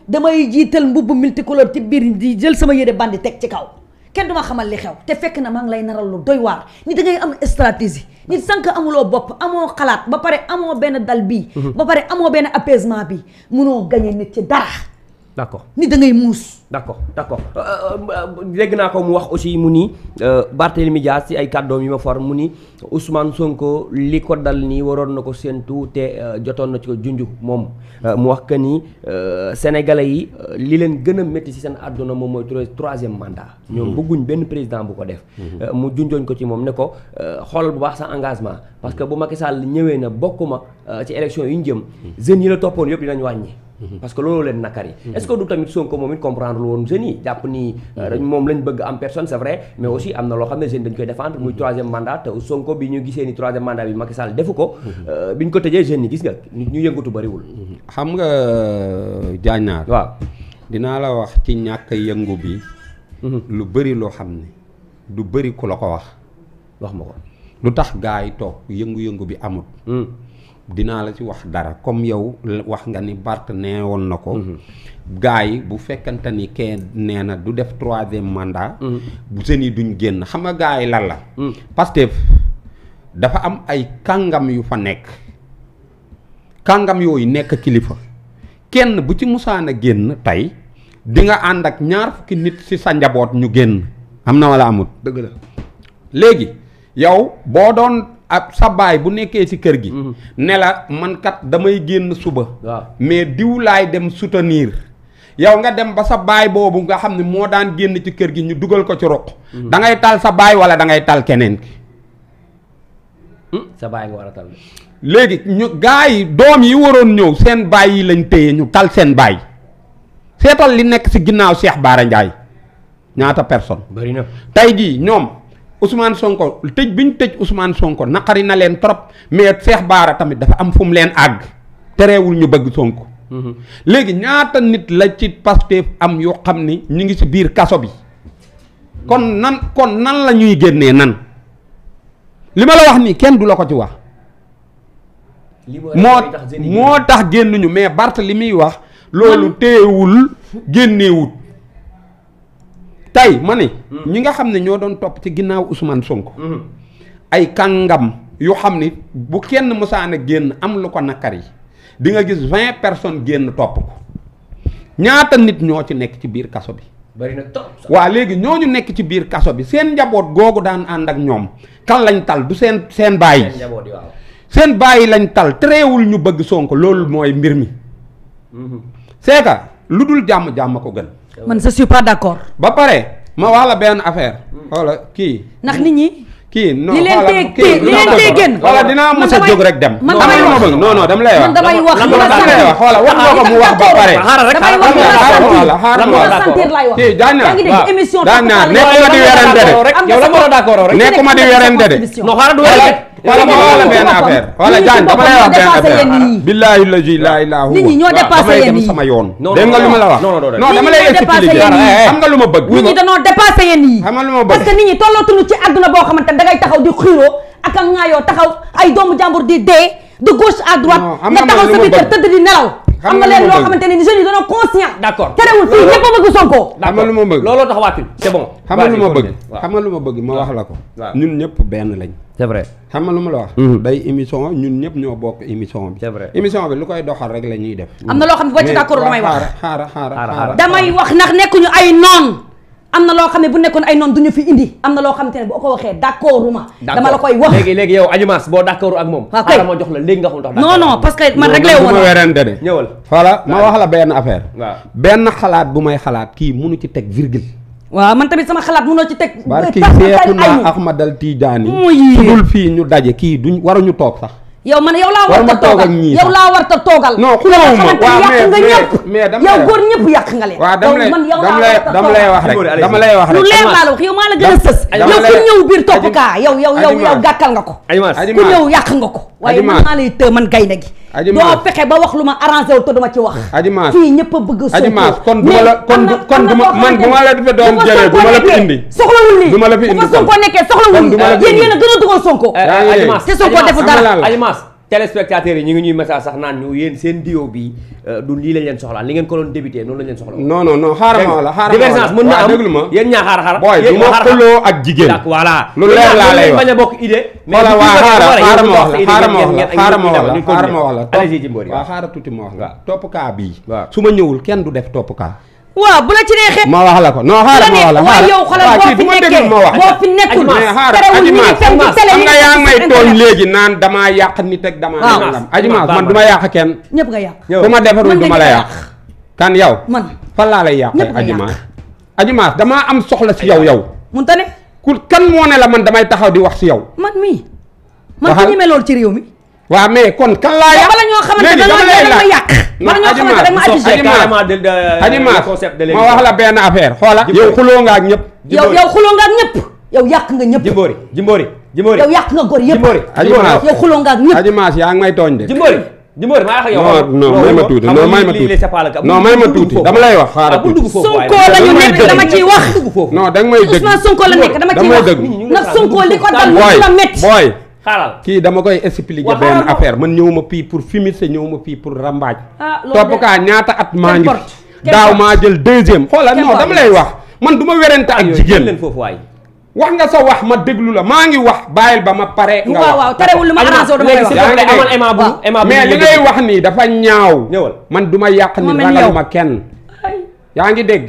damay jiital mbubu multicolore ci biir di jël sama yére bandi teg ci kaw. kenn du ma xamal li xew te fekk na maa ngi lay naral lu doy waar ni da ngay am stratégie nit sànq amuloo bopp amoo xalaat ba pare amoo benn dal bii mhm. ba pare amoo benn apaisement bi munoo gañe nit ci dara d' accord ni da ngay muus. d' accord d' accord euh, euh, dégg naa ko mu wax aussi mu ni euh, Barthélemy Dias ci ay kàddoom yi ma for mu ni Ousmane Sonko li ko dal nii waroon na ko séentu te jotoon na ci ko junj moom mu wax que ni sénégalais yi li leen gën a métti ci seen àdduna moom mooy troisième mandat. ñoom mmh. bëgguñ benn président bu ko def. Mmh. mu junjoon ko ci moom ne ko xoolal bu baax sa engagement parce que bu Macky Sall ñëwee na bokkuma ci élection yu ñu jëm mmh. jeunes yi la toppoon yëpp dinañ wàññi. Mhm. parce que loolu leen nakar yi mhm. est-ce que du tamit Sonko moom it comprendre lu woon jeunes yi jàpp ni euh, mhm. moom lañ bëgg am personne c'est vrai mais aussi am na loo xam ne jeunes dañ koy défendre muy troisième mandat Sonko bi ñu gisee ni troisième mandat bi Macky Sall defu ko euh, bi ñu ko tëjee jeunes yi gis nga ñu yëngatu bariwul xam nga jaañaar euh, waaw dinaa la wax ci ñàkk yëngu bi lu bëri loo xam ne du bëri ku la ko wax wax ma ko lu tax gars yi toog yëngu-yëngu bi amut dinaa la ci wax dara comme yow wax nga ni Bart nee woon na ko. Mhm. gars yi bu fekkante ni kee nee na du def troisième mandat. Mhm. bu seen yi duñ génn xam nga gars yi lan la. Mhm. Pastef dafa am ay kàngam yu fa nekk kàngam yooyu nekk kilifa kenn bu ci musaan a génn tey dinga ànd ak ñaar fukki nit ci sa njaboot ñu génn. am na wala amut léegi yow boo doon. ak sa baay bu nekkee ci kër gi. Mhm. ne la man damay génn suba. mais diw laay dem soutenir. yow nga dem ba sa baay boobu nga xam ne moo daan génn ci kër gi ñu dugal ko ci roq. Mhm. da ngay tal sa baay wala dangay tal keneen ki. Hmm? sa baay nga léegi ñu gars yi doom yi waroon ñëw seen baay yi lañ téye ñu tal seen baay seetal li nekk ci ginnaaw seex Bara Ndiaye ñaata personne. bari tey jii ñoom. Ousmane Sonko tëj bi ñu tëj Ousmane Sonko naqari na leen trop mais Cheikh Bara tamit dafa am fu mu leen àgg terewul ñu bëgg Sonko. Mhm. léegi ñaata nit la ci Pastef am yoo xam ni ñu ngi ci biir kaso bi. kon nan kon nan la ñuy génnee nan li ma la wax nii kenn du la ko ci wax. moo moo tax génnuñu mais Barth li muy wax. loolu ah. teewul génneewut. tey ma ne. Hmm. ñi nga xam ne ñoo doon topp ci ginnaaw Ousmane Sonko. Hmm. ay kàngam yu xam ni bu kenn mësaan génn am lu ko nakar yi di nga gis vingt personnes génn topp ko ñaata nit ñoo ci nekk ci biir kaso bi. bari waa léegi ñooñu nekk ci biir kaso bi seen njaboot googu daan ànd ak ñoom kan lañ tal du seen seen bàyyi. seen bàyyi lañ tal tereewul ñu bëgg Sonko loolu mooy mbir mi. Hmm. c'est lu dul jàmm jàmm ko gën. man sa suis pas d' accord. ba pare ma wax la benn affaire. xoola kii. ndax nit ñi. kii non li leen tee kii li leen tee génn wala dinaa mos jóg rek dem. man damay wax non non dama lay wax. man damay wax li ma sant xoola wax nga ko mu wax ba pare. damay wax li ma sant xaaral xaaral ma wax kii daan naa waaw daan naa nekkuma di werante de. am na solo nekkuma di werante de. non xaaral du werante. wala ma wala benn affaire wala jaan dama lay wax benn affaire billahi la ilaha illa huwa nit ñi ñoo dépassé yéen yi sama yoon dégg nga lu ma la wax non dama lay expliquer eh, xam nga ma bëgg nit ñi dañoo dépassé yéen yi xam nga lu ma bëgg parce que nit ñi tollootuñu ci àdduna boo xamante da ngay taxaw di xiiroo ak a ŋaayoo taxaw ay doomu jàmbur di dee de gauche à droite nga taxaw sa biir tëdd di nelaw xam nga leen loo xamante ni jeunes yi dañoo conscient. d' accord terewul fii ñëpp ma bëgg Sonko. d' accord looloo tax waa c' est bon. xam nga lu ma bëgg xam lu ma bëgg ma wax la ko. ñun ñëpp benn lañ. c' est vrai lu ma la wax. day mhm. émission ñun ñëpp ñoo bokk émission bi. c' est émission bi lu koy doxal rek la ñuy def. am na loo xam ne boo ci d' accord damay wax. xaaral xaaral xaaral ay noon am na loo xam ne bu nekkoon ay noon du ñu fi indi am na loo xam te ne boo ko waxee d'accord ma dama la koy wax léegi léegi yow Adiomass boo d'accord ak moom waaw ah, kay ma jox la léegi nga xam ndax non woon ma ma wax la benn affaire benn xalaat bu may xalaat kii mënu ci teg virgule waaw man tamit sama xalaat mënoo ci teg ma barki Seexuna Ahmadal Tijaani su dul fii ñu daje kii duñ waruñu toog sax yow man yow laa war a toogal yow laa war a toogal. non xulóowu ma waaw mais mais dama yow góor ñëpp yàq nga leen. waaw dama lay dama lay wax rek dama lay wax rek. lu leer laa la wax yow maa la gën a sës. yow ku ñëw biir topp kaa yow yow yow yow gàkkal nga ko. ku ñëw yàq nga ko. waaye man maa lay të man gaynde gi. doo fexe ba wax lu ma arrangé wu te duma ci wax. adimaas fii ñëpp a bëgg a. adimaas kon du ma la kon du kon du ma man bu ma la defee doom jëlee du ma la fi indi. soxlawul lii du ma la fi indi kon bu ma Sonko nekkee soxlawul yéen yéen a gën a dugal Sonko. te Sonko defu dara adimaas téléspectateurs yi ñu ngi ñuy message sax naan ñu yéen seen dio bi euh, du lii lañ leen soxla li ngeen ko doon débuté noonu lañ leen soxla non non non xaaral ñaa xaar xaar booy du ma xuloo ak jigéen voilà lu leer laa lay a bokk idée voilà ma wax la xaaral ma wax la xaaral ma wax la xaaral ma wax la allez tuuti ma wax la topp kaa bii su ma ñëwul kenn du def topp kaa waaw bu la ci neexee. ma wax la ko non xaaral ma wax la waaw yow xoolal boo fi nekkee boo fi nekkul terewul ñu ngi tam ci télé yi nga yaa may tooñ léegi naan damaa yàq nit ak damaa nangam ajumaas man du ma yàq kenn ñëpp nga yàq yow bu ma defarul du ma la yàq kan yow man fan laa lay yàq ajumaas ajumaas damaa am soxla si yow yow mun tane ku kan moo ne la man damay taxaw di wax si yow man mii man ko ñemee loolu ci réew mi waaw mais kon kan laa yàq bala ñoo xamante ne ma attisé ma la benn affaire xoola yow xuloo nga ak ñëpp yow yow xuloo nga ak ñëpp yow yàq nga ñëpp Jimbori Jimbori Jimbori yow yàq nga góor yëpp Jimbori yow xuloo nga ak ñëpp Adima may tooñ de Jimbori may ma tuuti non may ma tuuti non may ma dama lay wax Sonko la nekk dama ciy wax non danga may dëgg Ousmane Sonko li ko dal xaaral kii dama koy expliquer benn affaire man ñëwuma fii pour fumister ñëwuma fii pour rambaaj ah, toppkaa ñaata at maa ngi daaw maa jël deuxième xoolal non dama lay wax man du ma werante ak jigéen leen foofu waay wax nga sa wax ma déglu la maa ngi wax bàyyil ba ma pare nga wax mais li ngay wax nii dafa ñaaw man du ma yàq ni ragal ma kenn yaa ngi dégg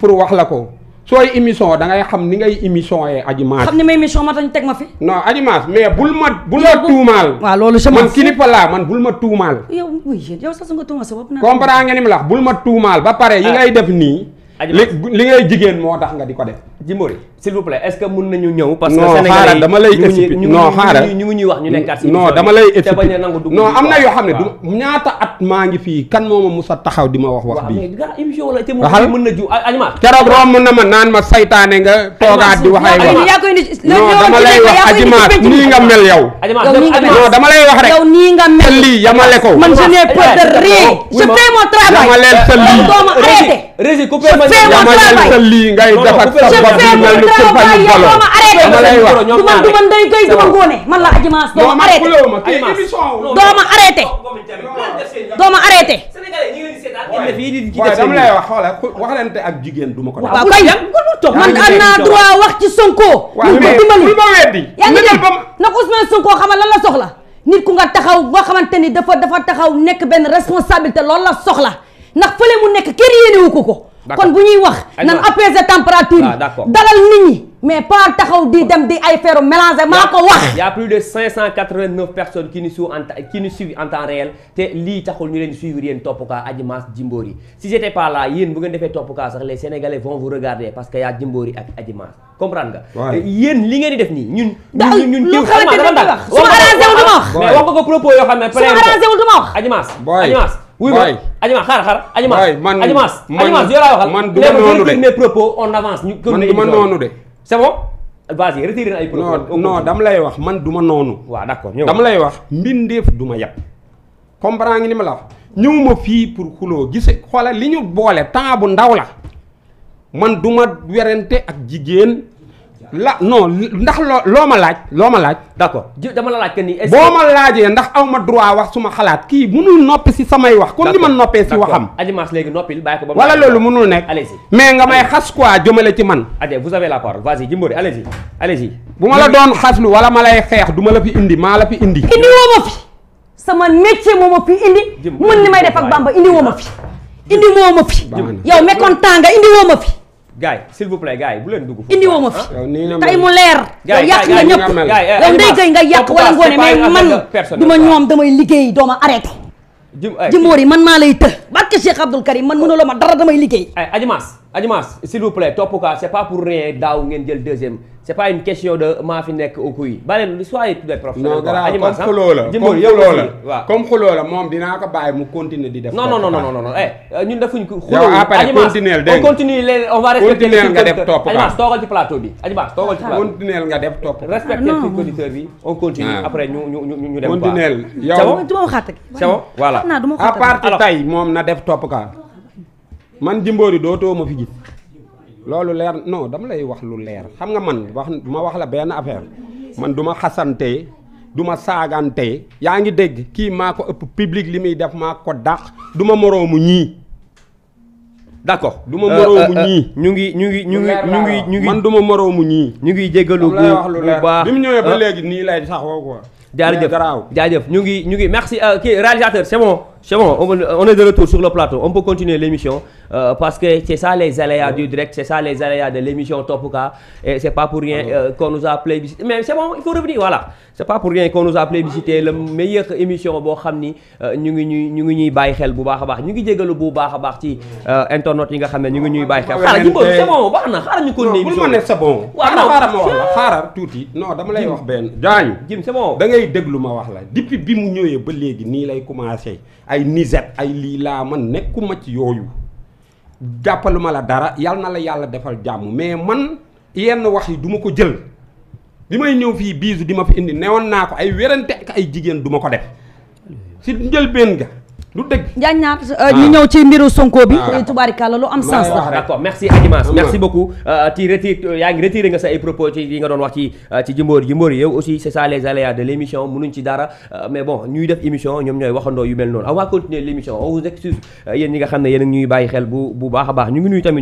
pour wax la ko sooy émission da xam ni ngay émission yee Adji Mass xam ni ma émission ma tax teg ma fi non Adji Mass mais bul ma bul ma tuumaal waaw loolu man kilifa laa man bul ma tuumaal yow yow sax nga tuumaal sa bopp naa comprend nga ni mu la bul ma tuumaal ba pare yi ah. ngay def nii li li ngay jigéen moo tax nga di ko def Jimbori s'il vous plaît est-ce que mun nañu ñëw. parce que sénégalais yi dama lay expliquer non xaaral ñu ngi ñuy wax ñu nekkaat si. non dama lay expliquer non am na yoo xam ne du ñaata at maa ngi fii kan mooma musa taxaw di ma wax wax bii. émission la te mën na ju aliment. keroog romb na ma naan ma saytaane nga toogaat di wax ay wax. non dama lay wax ajimaat nii nga mel yow. non dama lay wax rek. yow nii nga mel te lii yamale ko. man je n'ai peur de rien. je fais mon travail. yamaleel sa lii. doo ma arrêté. je fais mon travail yamaleel sa lii ngay defar sa bopp mel man la Adji Mass doo ma arrêté doo ma arrêté doo ma arrêté waaye dama lay wax xoolal waxalante ak jigéen du ma ko. waaw kay man am naa droit wax ci Sonko. waaw mais bul ma weddi. yaa ngi dégg nag Ousmane Sonko xamal lan la soxla. nit ku nga taxaw boo xamante ni dafa dafa taxaw nekk benn responsabilité loolu la soxla ndax fële mu nekk kenn yéenewu ko ko. kon bu ñuy wax nan apaiser température yi ah, dalal nit ñi mais pas taxaw di dem di ay feeru mélanger maa ko wax y a plus de 589 personnes qui nous suivent en qui nous suivent en temps réel te lii taxul ñu leen suivre yéen Topouka Adji Mass Djimbory si j'étais pas là yéen bu ngeen defee Topouka sax les Sénégalais vont vous regarder parce que y a ak Adji Mass comprendre nga yéen li ngeen di def nii ñun ñun ñun xamante ne su ma arrangé wul wax su ma arrangé wuy ma Adjma xaar xaar Adjma. man man yow laa waxal. man du ma noonu de les propos man du ma noonu de. c'est bon vas dama lay wax man duma noonu. waaw d'accord ñëw dama lay wax. mbindeef du ma yab. comprendre nga ni ma la wax ñëwuma fii pour xuloo gise xoola li ñu boole temps bu ndaw la man duma werante ak jigéen. la non ndax loo loo ma laaj loo ma laaj d'accord dama la laaj que ni boo ma laajee ndax aw ma droit wax suma xalaat kii mënul noppi si samay wax kon ni ma noppee si waxam Adjimass léegi noppil bàyyi ko ba wala loolu mënul nekk mais nga may xas quoi jëmale ci man allez vous avez la parole vas-y Jimbori allez-y allez-y bu ma la doon xaslu wala ma lay xeex du ma la fi indi maa la fi indi indi woo ma fi sama métier moo ma fi indi mën li may def ak Bamba indi woo ma fi indi woo ma fi yow mécontent nga indi woo ma fi gaay s'il vous plaît gaay bu leen dugg indi woo ma fi ah? tey mu leer yow yàq nga ñëpp eh, yow eh, ndey gay nga yàq wala ngoone mais man du ma ñoom damay liggéey dooma arrêté jimboor eh, yi man maa lay të barke Cheikh Abdoul Karim man mënuloo ma dara damay liggéey ay Adjimass Adjimass s'il vous plaît topp ka c'est pas pour daaw ngeen jël deuxième c'est pas une question de maa fi nekk au yi ba leen soyez tous les moom dinaa ko bàyyi mu continuer di def. non non non ko. xuloo après continuer dégg nga on continue on va respecter les nga def bi Adjma après ñu ñu ñu ñu dem. quoi continuer moom na def topp ka man Jimbori dootoo ma fi gis. loolu leer non dama lay wax lu leer xam nga man wax ma wax la benn affaire man duma ma xasante du ma saagante yaa ngi dégg kii maa ko ëpp public li muy def maa ko dàq du ma moroomu ñii d'accord du ma euh, moroomu euh, euh, ñii. ñu ngi ñu ngi ñu ngi ñu ngi ñu ngi man du ma moroomu ñii. ñu ngi jégalu bu baax li mu ñëwee ba léegi nii lay saxoo quoi. jaajëf jaajëf ñu ngi ñu ngi merci kii réalisateur c'est c'est bon on est de retour sur le plateau on peut continuer l'émission euh, parce que c'est ça les aléas du direct c'est ça les aléas de l'émission Top Cas c'est pas pour rien euh, qu'on nous mais c'est bon il faut revenir voilà c'est pas pour rien qu'on nous a plébiscité le émission boo xam ni euh, ñu ngi ñuy ñu ngi ñuy bàyyi xel bu baax a baax ñu ngi jégalu bu baax a baax ci euh, internautes yi nga xam ne ñu ngi ñuy bàyyi xel xaaral ñu c'est bon baax na xaaral ñu continuer émission bu ma ne c'est bon xaaral ngay déglu wax la depuis bi mu ñëwee ba léegi nii lay commencer ay nisette ay lii laa man nekkuma ci yooyu jàppaluma la dara yal na la yàlla defal jàmm mais man yenn wax yi duma ko jël bi may ñëw fii biisu di ma fi indi newoon naa ko ay werante ak ay jigéen duma ko def si njëlbeen ga du dëgg Njaañ naat euh, ah. ñu ñëw ci mbiru Sonko bi. Ah, tubaarikàlla lu am sens la. xam ne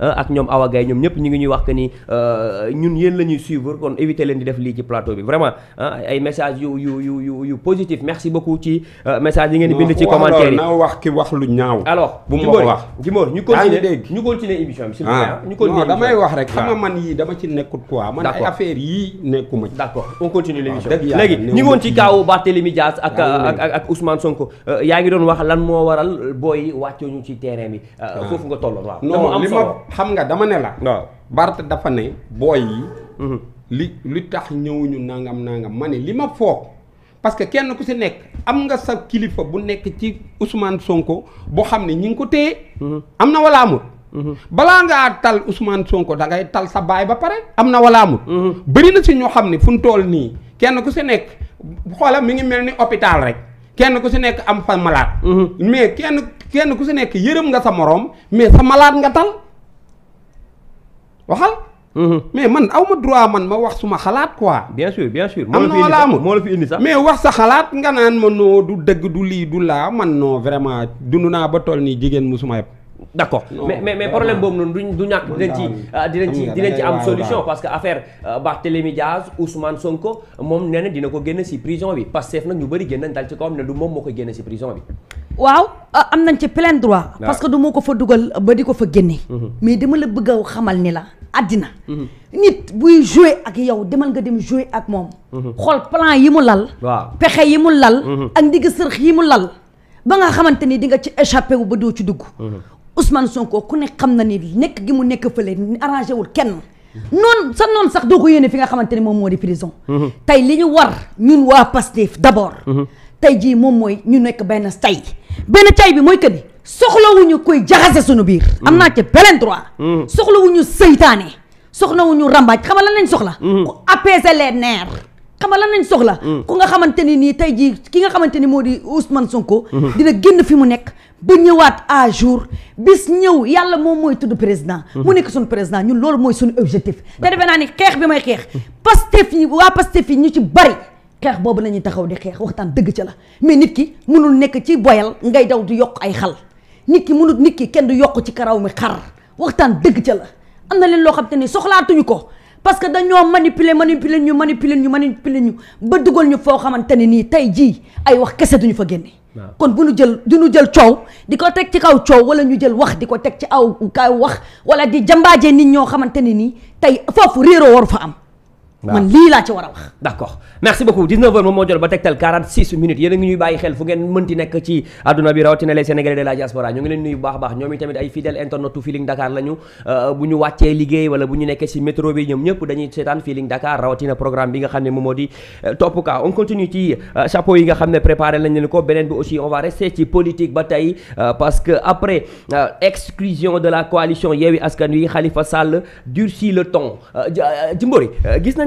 euh, ak ñoom Awa ñoom ñëpp ñu ngi ñuy wax que ni euh, ñun yéen la suivre kon éviter leen di def lii ci plateau bi vraiment ay messages yu yu yu yu positif message yi ngeen bind ci commentaire yi na wax ki wax lu ñaaw. alors bu ma ko wax Djimbory ñu continuer ñu continuer émission bi. Ah. ñu continuer damay wax rek xam nga man yii dama ci nekkut quoi. man ay affaire yii nekkuma ci. d' accord on continue l' émission léegi ñu ngi woon ci kaawu Barthélémy Dias ak ak ak Ousmane Sonko euh, yaa ngi doon wax lan moo waral booy wàccoo ñu ci terrain bi. Euh, ah. foofu nga tolloon waaw. non li ma xam nga dama ne la. waaw dafa ne booy yi. Mhm. li li tax ñëwuñu nangam nangam ma ne li ma foog parce que kenn ku si nekk am nga sa kilifa bu nekk ci Ousmane Sonko boo xam ne ñi ngi ko téye. Mhm. am na wala mhm. balaa ngaa tal Ousmane Sonko dangay tal sa baay ba pare am na wala mhm. bëri na si ñoo xam ne fu mu toll nii kenn ku si nekk xoola mi ngi mel ni hôpital rek kenn ku si nekk am fa malaat mais kenn kenn ku si nekk yërëm nga sa moroom mais sa malaat nga tal waxal. Mm-hmm. mais man aw ma droit man ma wax suma xalaat quoi. bien sûr bien sûr. am na la moo la fi indi sax mais wax sa xalaat nga naan ma noo du dëgg du lii du laa man non vraiment dund naa ba tool nii jigéen mu suma yëpp. d' accord mais mais problème boobu noonu duñ du ñàkk dinañ ci ah, dinañ ci dinañ ci am solution parce que affaire euh, Barthélémy Diaz Ousmane moom nee dina ko génn si prison bi Pastef nag ñu bëri génn nañ dal ci kawam ne du moom moo ko génn si prison bi waaw ah, am nañ ci plein droit parce que du moo ko fa dugal ba di ko fa génne mhm. mais dama la bëgg a xamal ni la àddina mhm. nit buy jouer ak yow demal nga dem jouer ak moom mhm. xool plan yi mu lal waaw pexe yi mu lal ak ndigg sërx yi mu lal ba nga xamante ni di nga ci échappé wu ba doo ci dugg Ousmane Sonko ku ne xam na ni nekk gi mu nekk fële arrangé wul kenn. noon sa noon sax doo ko yéene fi nga xamante ne moom moo di prison. Mhm. tey li ñu war ñun waa Pastef d' abord. Mhm. tey jii moom mooy ñu nekk benn say. benn cay bi mooy que ni soxlawuñu koy jaxase suñu biir. Mhm. am naa ci plein droit. soxlawuñu seytaane. soxlawuñu rambaaj xam nga lan lañ soxla. ku apaiser les nerfs. xam nga lan lañ soxla. ku nga xamante ni nii tey jii ki nga xamante ni moo di Ousmane Sonko. dina génn ba ñëwaat à jour bis ñëw yàlla moom mooy tudd président. Mhm. mu nekk suñu président ñun loolu mooy suñu objectif. te defe naa ni xeex bi may xeex. Mhm. Pastef yi waa Pastef yi ñu ci bari. xeex boobu nañuy taxaw di xeex waxtaan dëgg ca la mais nit ki mënul nekk ci boyal ngay daw di yokk ay xal nit ki mënul nit ki kenn du yokk ci karaw mi xar waxtaan dëgg ca la am na leen loo xam te ni soxlaatuñu ko parce que dañoo manipuler manipuler ñu manipuler ñu manipuler ñu ba dugal ñu foo xamante ne nii tey jii ay wax kese duñu fa génne. kon bu ñu jël du ñu jël coow di ko teg ci kaw coow wala ñu jël wax di ko teg ci aw kaw wax wala di jambaaje nit ñoo xamante ne nii tey foofu réeroo waru fa am man lii laa ci war a wax. d' accord merci beaucoup 19h moom moo jot ba tegtal 46 minutes yéen ngi ñuy bàyyi xel fu ngeen mënti nekk ci àdduna bi rawatina les sénégalais de la diaspora ñu ngi leen nuyu baax baax ñoom itamit ay fidèle internet tu Feeling Dakar lañu euh, bu ñu wàccee liggéey wala bu ñu nekkee si métro bi ñëpp dañuy seetaan Feeling Dakar rawatina programme bi nga xam ne moom di euh, topp ka on continue ci euh, chapeau yi nga xam ne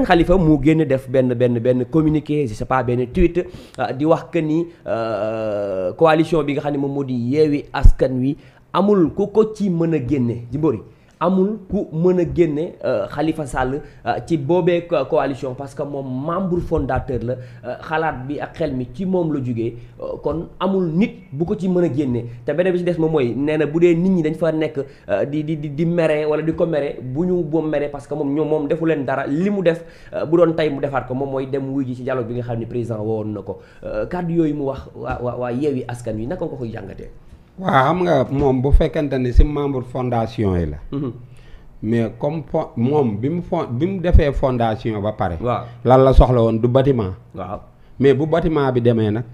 xalifa mu génn def benn benn benn communiqué je sais benn tweet ah, di wax que ni euh, coalition bi nga xam ne moom moo di yeewi askan wi amul ku ko ci mën a génne jimbori amul ku mën a génne euh, Khalifa Sall euh, ci boobee coalition parce que moom membre fondateur la euh, xalaat bi ak xel mi ci moom la jógee kon amul nit bu ko ci mën a génne te beneen bi ci des moom mooy nee na bu dee nit ñi dañ fa nekk di di di mere wala di ko mere bu ñu boom mere parce que moom ñoom moom defu leen dara li mu def bu doon tey mu defaat ko moom mooy dem wuy ji ci dialogue bi nga xam ni président woowoon na ko kàddu yooyu mu wax waa waa yeewi askan wi naka nga koy jàngatee. waaw xam nga moom bu fekkente ni si membre fondation yi la. Mhm. mais comme fo moom bi mu fo bi mu defee fondation ba pare. waaw lan la soxla woon du batiment waaw mais bu batiment bi demee nag.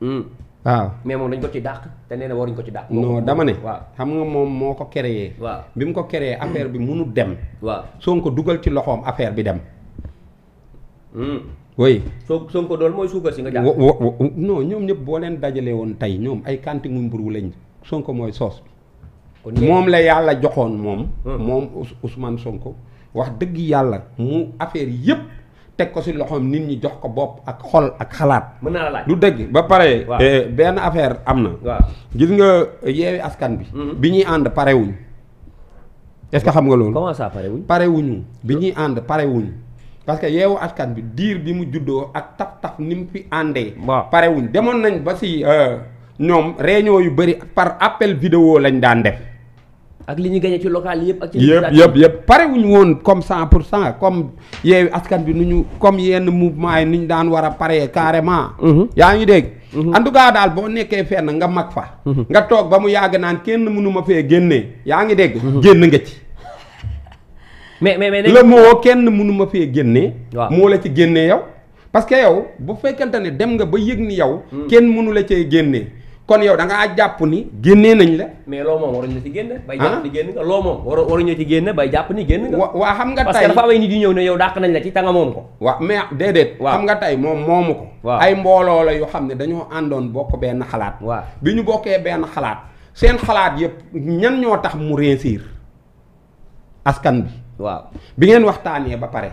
Mhm. waaw mais moom dañ ko ci dàq te nee na waruñ ko ci dàq. non dama ne. xam nga moom moo ko créé. waaw bi mu ko créé affaire bi mënul dem. waaw soo ko dugal ci loxoom affaire bi dem. Mhm. oui soo Sonko dool mooy suukar si nga jàpp. non ñoom ñëpp boo leen dajale woon tey ñoom ay kanti mu mburu lañ Sonko mooy soos bi moom la yàlla joxoon moom hmm. moom Ousmane Sonko wax dëgg yàlla mu affaire yëpp teg ko si loxoom nit ñi jox ko bopp ak xol ak xalaat mën naa la du dëgg ba pare eh, benn affaire am na gis nga yeewi askan bi hmm. bi ñuy ànd parewuñ est-ce que xam nga loolu comment ça parewuñu bi ñuy ànd parewuñu parce que yeewu askan bi diir bi mu juddoo ak taf-taf ni mu fi àndee. waaw parewuñ demoon nañ ba si euh, ñoom réunion yu bëri par appel vidéo lañ daan def. ak li ñu gagné ci local yëpp ak. ci yëpp yëpp parewuñ woon comme cent pour cent comme yeewu askan bi nu ñu comme yenn mouvement yi ni ñu daan war a paree carrément. Mhm. yaa ngi dégg. Mhm. en tout cas daal boo nekkee fenn nga mag fa. Mhm. nga toog ba mu yàgg naan kenn mënuma ma fee génnee. yaa ngi dégg génn nga ci. mais mais mais le mot kenn mënuma ma fee génnee. waaw moo la ci génnee yow. parce que yow bu fekkente ni dem nga ba yëg ni yow. Hmm. kenn mënula la cee génnee. kon yow da ngaa jàpp ni génnee nañ la. mais loo moom ah. la ci génne. bay jàpp ni loo moom ci génne bay jàpp ni génn waa xam nga tey parce que dafa am ñëw ne yow dàq nañ la ci tanga moom ko. waaw mais déedéet. xam nga tey moom moomu ko. ay mbooloo la yoo xam ne dañoo àndoon bokk benn xalaat. waaw bi ñu bokkee benn xalaat. seen xalaat yëpp ñan ñoo tax mu réussir askan bi. waaw bi ngeen waxtaanee ba pare.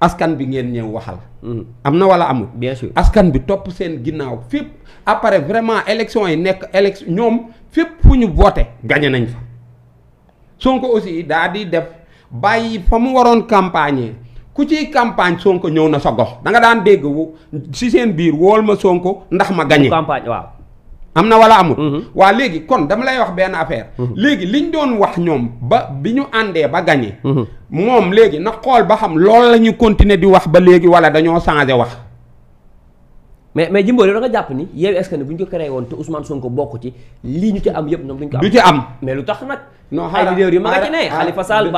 askan bi ngeen ñëw waxal. Mm-hmm. am na wala amul. bien askan bi topp seen ginnaaw fépp. après vraiment élection yi nekk élection ñoom fépp fu ñu voté gañe nañ fa. Sonko aussi daa di def bàyyi fa mu waroon campagne ku ciy campagne Sonko ñëw na sa gox da nga daan dégg wu si seen biir wool ma Sonko ndax ma gañe campagne waaw. am na wala amul. Mhm. waa léegi kon dama lay wax benn affaire. Mhm. léegi li liñ doon wax ñoom ba bi ñu àndee ba gagné. Mhm. moom léegi na xool ba xam loolu la ñu continuer di wax ba léegi wala dañoo changé wax. mais mais Jimboori da nga jàpp ni Yewwi Askan Wi bu ñu ko créé woon te Ousmane Sonko bokk ci lii ñu ci am yëpp ñoom duñ ko am. du ci am mais lu tax nag. non xaaral ay leader yu ah, ma nga ah,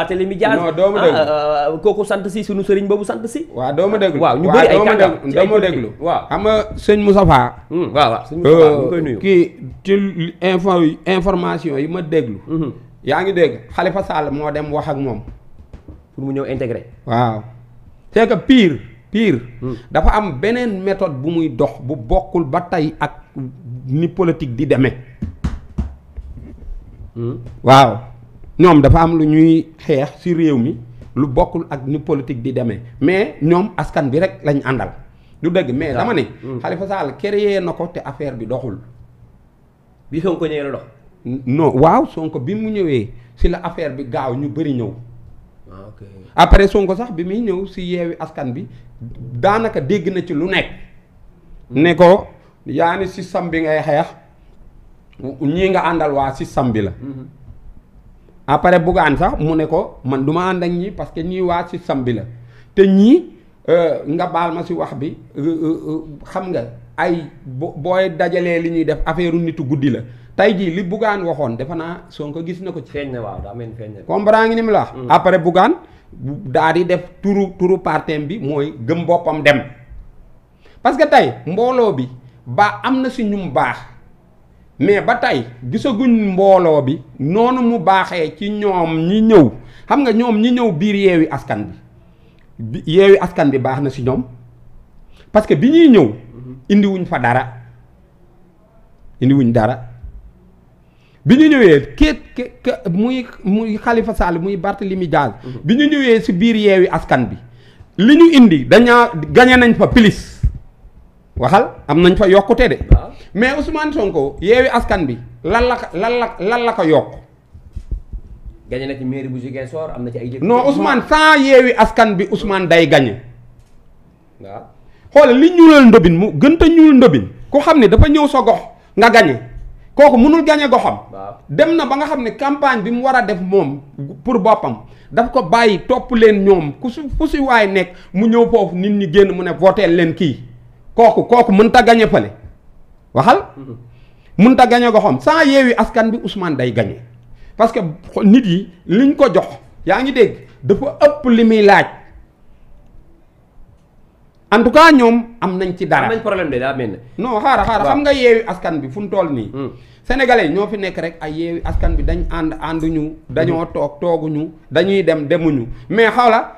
ci euh, euh, kooku sant si sunu sëriñ boobu sant si. waa doomu ah, déglu waaw ñu bëri ay kàngam waaw doomu déglu waaw. xam nga sëñ Moussa hmm, waaw sëñ Moussa euh, information yi ma déglu. Hmm. yaa ngi dégg Khalifa Sall moo dem wax ak moom. pour mu ñëw intégré. waaw c'est que pire. pire. Hmm. dafa am beneen méthode bu muy dox bu bokkul ba tey ak ni politique di demee. Hmm. waaw ñoom dafa am lu ñuy xeex ci réew mi lu bokkul ak ni politique di demee mais ñoom askan bi rek lañ àndal. du dëgg mais dama ne. Hmm. Khalifa Sall créé na ko te affaire bi doxul. bi Sonko ñëwee la waaw Sonko bi mu ñëwee ci la affaire bi gaaw ñu bari ñëw. Ah, après Sonko sax bi muy ñëw ci yeewi askan bi daanaka dégg na ci lu nekk ne ko yaa ni système bi ngay xeex ñii nga àndal waa système bi la après buggaan sax mu ne ko man duma ànd ak ñii parce que ñii waa système bi la te ñii euh, nga baal ma si wax bi euh, euh, xam nga ay booy dajalee li ñuy def affaire nitu guddi la tey jii li buggaan waxoon defe naa Sonko gis na ko ci feeñ a waaw daa mel ni feeñ na comprend ngi ni mu la wax mm. buggaan daa di def turu turu partem bi mooy gëm boppam dem parce que tey mbooloo bi ba am na si ñum baax mais ba tey gisaguñ mbooloo bi noonu mu baaxee ci ñoom ñi ñëw xam nga ñoom ñi ñëw biir yeewi askan bi yeewi askan bi baax na si ñoom parce que bi ñuy ñëw mhm. indiwuñ fa dara indiwuñ dara bi ñu ñëwee képp muy muy xalifa Sall muy Barthélemy Diaz mhm. bi ñu ñëwee si biir yeewi askan bi li ñu indi dañaa gañe nañ fa pilis waxal am nañ fa yokkute de ah. mais Ousmane Sonko yeewi askan bi lan la lan la lan la ko yokk gañe na ci mairie bu Ziguinchor am na ci ay non Ousmane sans askan bi Ousmane day gañe ah. xool li ñuulal ndobin mu gën a ñuul ndobin ku xam ne dafa ñëw sa gox nga gañe kooku mënul gagné goxom dem na ba nga xam ne campagne bi mu war a def moom pour boppam daf ko bàyyi topp leen ñoom ku su ku si waay nekk mu ñëw foofu nit ñi génn mu ne voteel leen kii kooku kooku mën ta gagné fële waxal. Mhm. mën ta gagné goxam sans yeewi askan bi Ousmane day gagné parce que nit yi liñ ko jox yaa ngi dégg dafa ëpp li muy laaj. en tout cas ñoom am nañ ci dara. am nañ problème de daa mel non xaaral xaaral xam nga yeewi askan bi fu mu toll nii. Hmm. sénégalais ñoo fi nekk rek ay yeewi askan bi dañ ànd ànduñu. dañoo hmm. toog tooguñu. dañuy dem demuñu mais xawla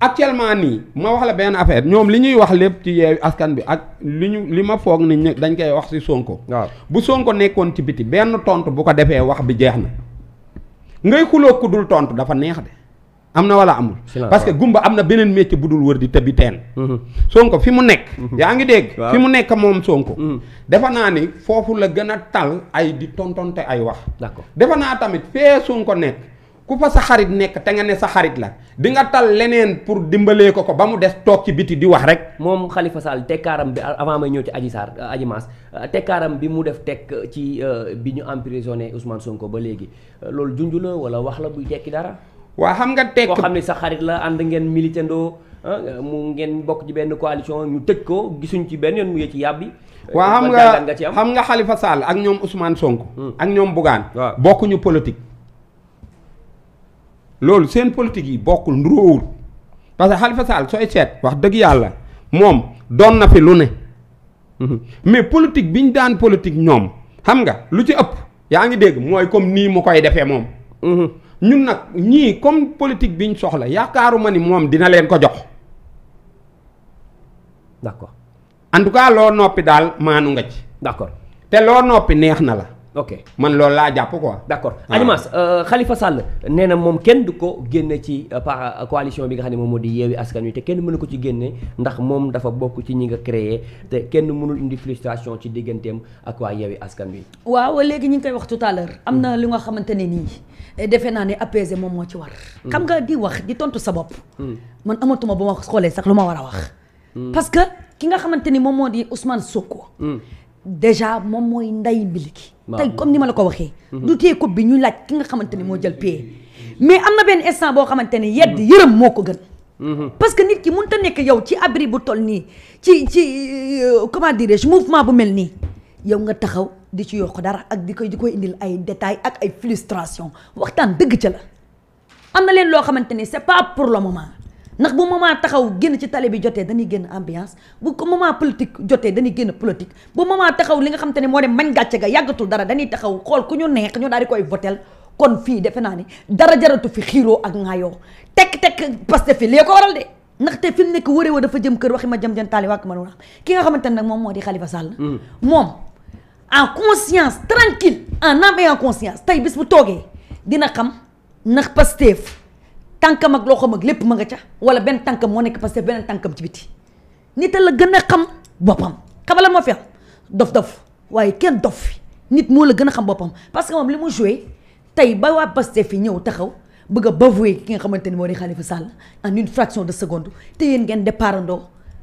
actuellement nii ma wax la benn affaire ñoom li ñuy wax lépp ci yeewi askan bi ak li ñu li ma foog ni dañ koy wax ci Sonko. waaw bu Sonko nekkoon ci biti benn tontu bu ko defee wax bi jeex na. ngay xuloo ku dul tontu dafa neex de. am na wala amul parce que gumba am na beneen métier bu dul wër di tëbi teen mhm. sonko fi mu nekk mhm. yaa ngi dégg fi mu nekk moom sonko mhm. defe naa ni foofu la gën a tal ay di tontonte ay wax d'accord defe naa tamit fee sonko nekk ku fa sa xarit nekk te nga ne sa xarit la di nga tal leneen pour dimbalee ko ko ba mu des toog ci biti di wax rek moom Khalifa Sall tekkaaram bi avant may ñëw ci Adji saar Adji Mass euh, tekkaaram bi mu def tekk euh, ci euh, bi ñu emprisonné Ousmane Sonko ba léegi loolu junj la wala wax la buy tekki dara waa xam nga tekk koo xam ne sa xarit la ànd ngeen militandoo ah, mu ngeen bokk ci benn coalition ñu tëj ko gisuñ ci benn yoon mu yee ci yàbbi. waa xam nga xam nga Khalifa Sall ak ñoom Ousmane sonk hmm. ak ñoom Bougane. bokkuñu politique. loolu seen politique yi bokkul nduroowul parce que Khalifa Sall sooy seet wax dëgg yàlla moom doon na fi lu ne. Hmm. mais politique bi ñu daan politique ñoom xam nga lu ci ëpp. yaa ngi dégg mooy comme nii mu koy defee moom. Hmm. ñun nag ñii comme politique biñ soxla yaakaaruma ni moom dina leen ko jox d'accord en tout cas loo noppi daal maanu nga ci d'accord te loo noppi neex na la ok man loolu laa jàpp ko d' accord Adjimas ah. xalifa euh, Sall nee na moom kenn du ko génne ci euh, par euh, coalition bi nga xam ne moom moo di yeewi askan wi te kenn mënu ko ci génne ndax moom dafa bokk ci ñi nga créé te kenn mënul indi frustration ci digganteem ak waa yeewi askan wi. waaw léegi ñu ngi koy wax tout à am na hmm. li nga xamante ne nii eh, defe naa ne apaiser moom moo ci war. Hmm. xam nga di wax di tontu sa bopp. Hmm. man amatuma bu ma xoolee sax lu ma war a wax. parce que ki nga xamante ni moom moo di Ousmane Sonko. déjà moom mooy nday mbiliki tey comme ni ma la ko waxee du tee coupe bi ñu laaj ki nga xamante ni moo jël pay mais am na benn instant boo xamante ne yedd yërëm moo ko gën mhm. parce que nit ki mën nekk yow ci abri bu toll nii ci ci euh, comment dirais-je mouvement bu mel nii yow nga taxaw di ci yokk dara ak di koy di koy indil ay détails ak ay frustration waxtaan dëgg ca la am na leen loo xamante ni c'est pas pour le moment ndax bu moment taxaw génn ci tali bi jotee dañuy génn ambiance bu ko moment politique jotee dañuy génn politique bu moment taxaw li nga xam te ne moo dem mañ gàcce ga yàggatul dara dañuy taxaw xool ku ñu neex ñu daal di koy votel kon fii defe naa ni dara jaratu fi xiiroo ak yow tekk tek Pastef fi lee ko waral de ndaxte fi mu nekk wëree wa dafa jëm kër waxi ma jëm jën taali wàkk man wax ki nga xamante ne nag moom moo di Khalifa Sall mm. moom en conscience tranquille en âme et en conscience tey bis toogee dina xam ndax Pastef tànkam ak loxoom ak lépp ma nga ca wala benn tànkam moo nekk parce que beneen tànkam ci biti nit a la gën a xam boppam xamala moo fi am dof-dof waaye kenn dof fi nit moo la gën a xam boppam parce que moom li mu joué tey ba waa Pastef fii ñëw taxaw bëgg a bavoué ki nga xamante ni moo di Khalifa Sall en une fraction de seconde te yéen ngeen départandoo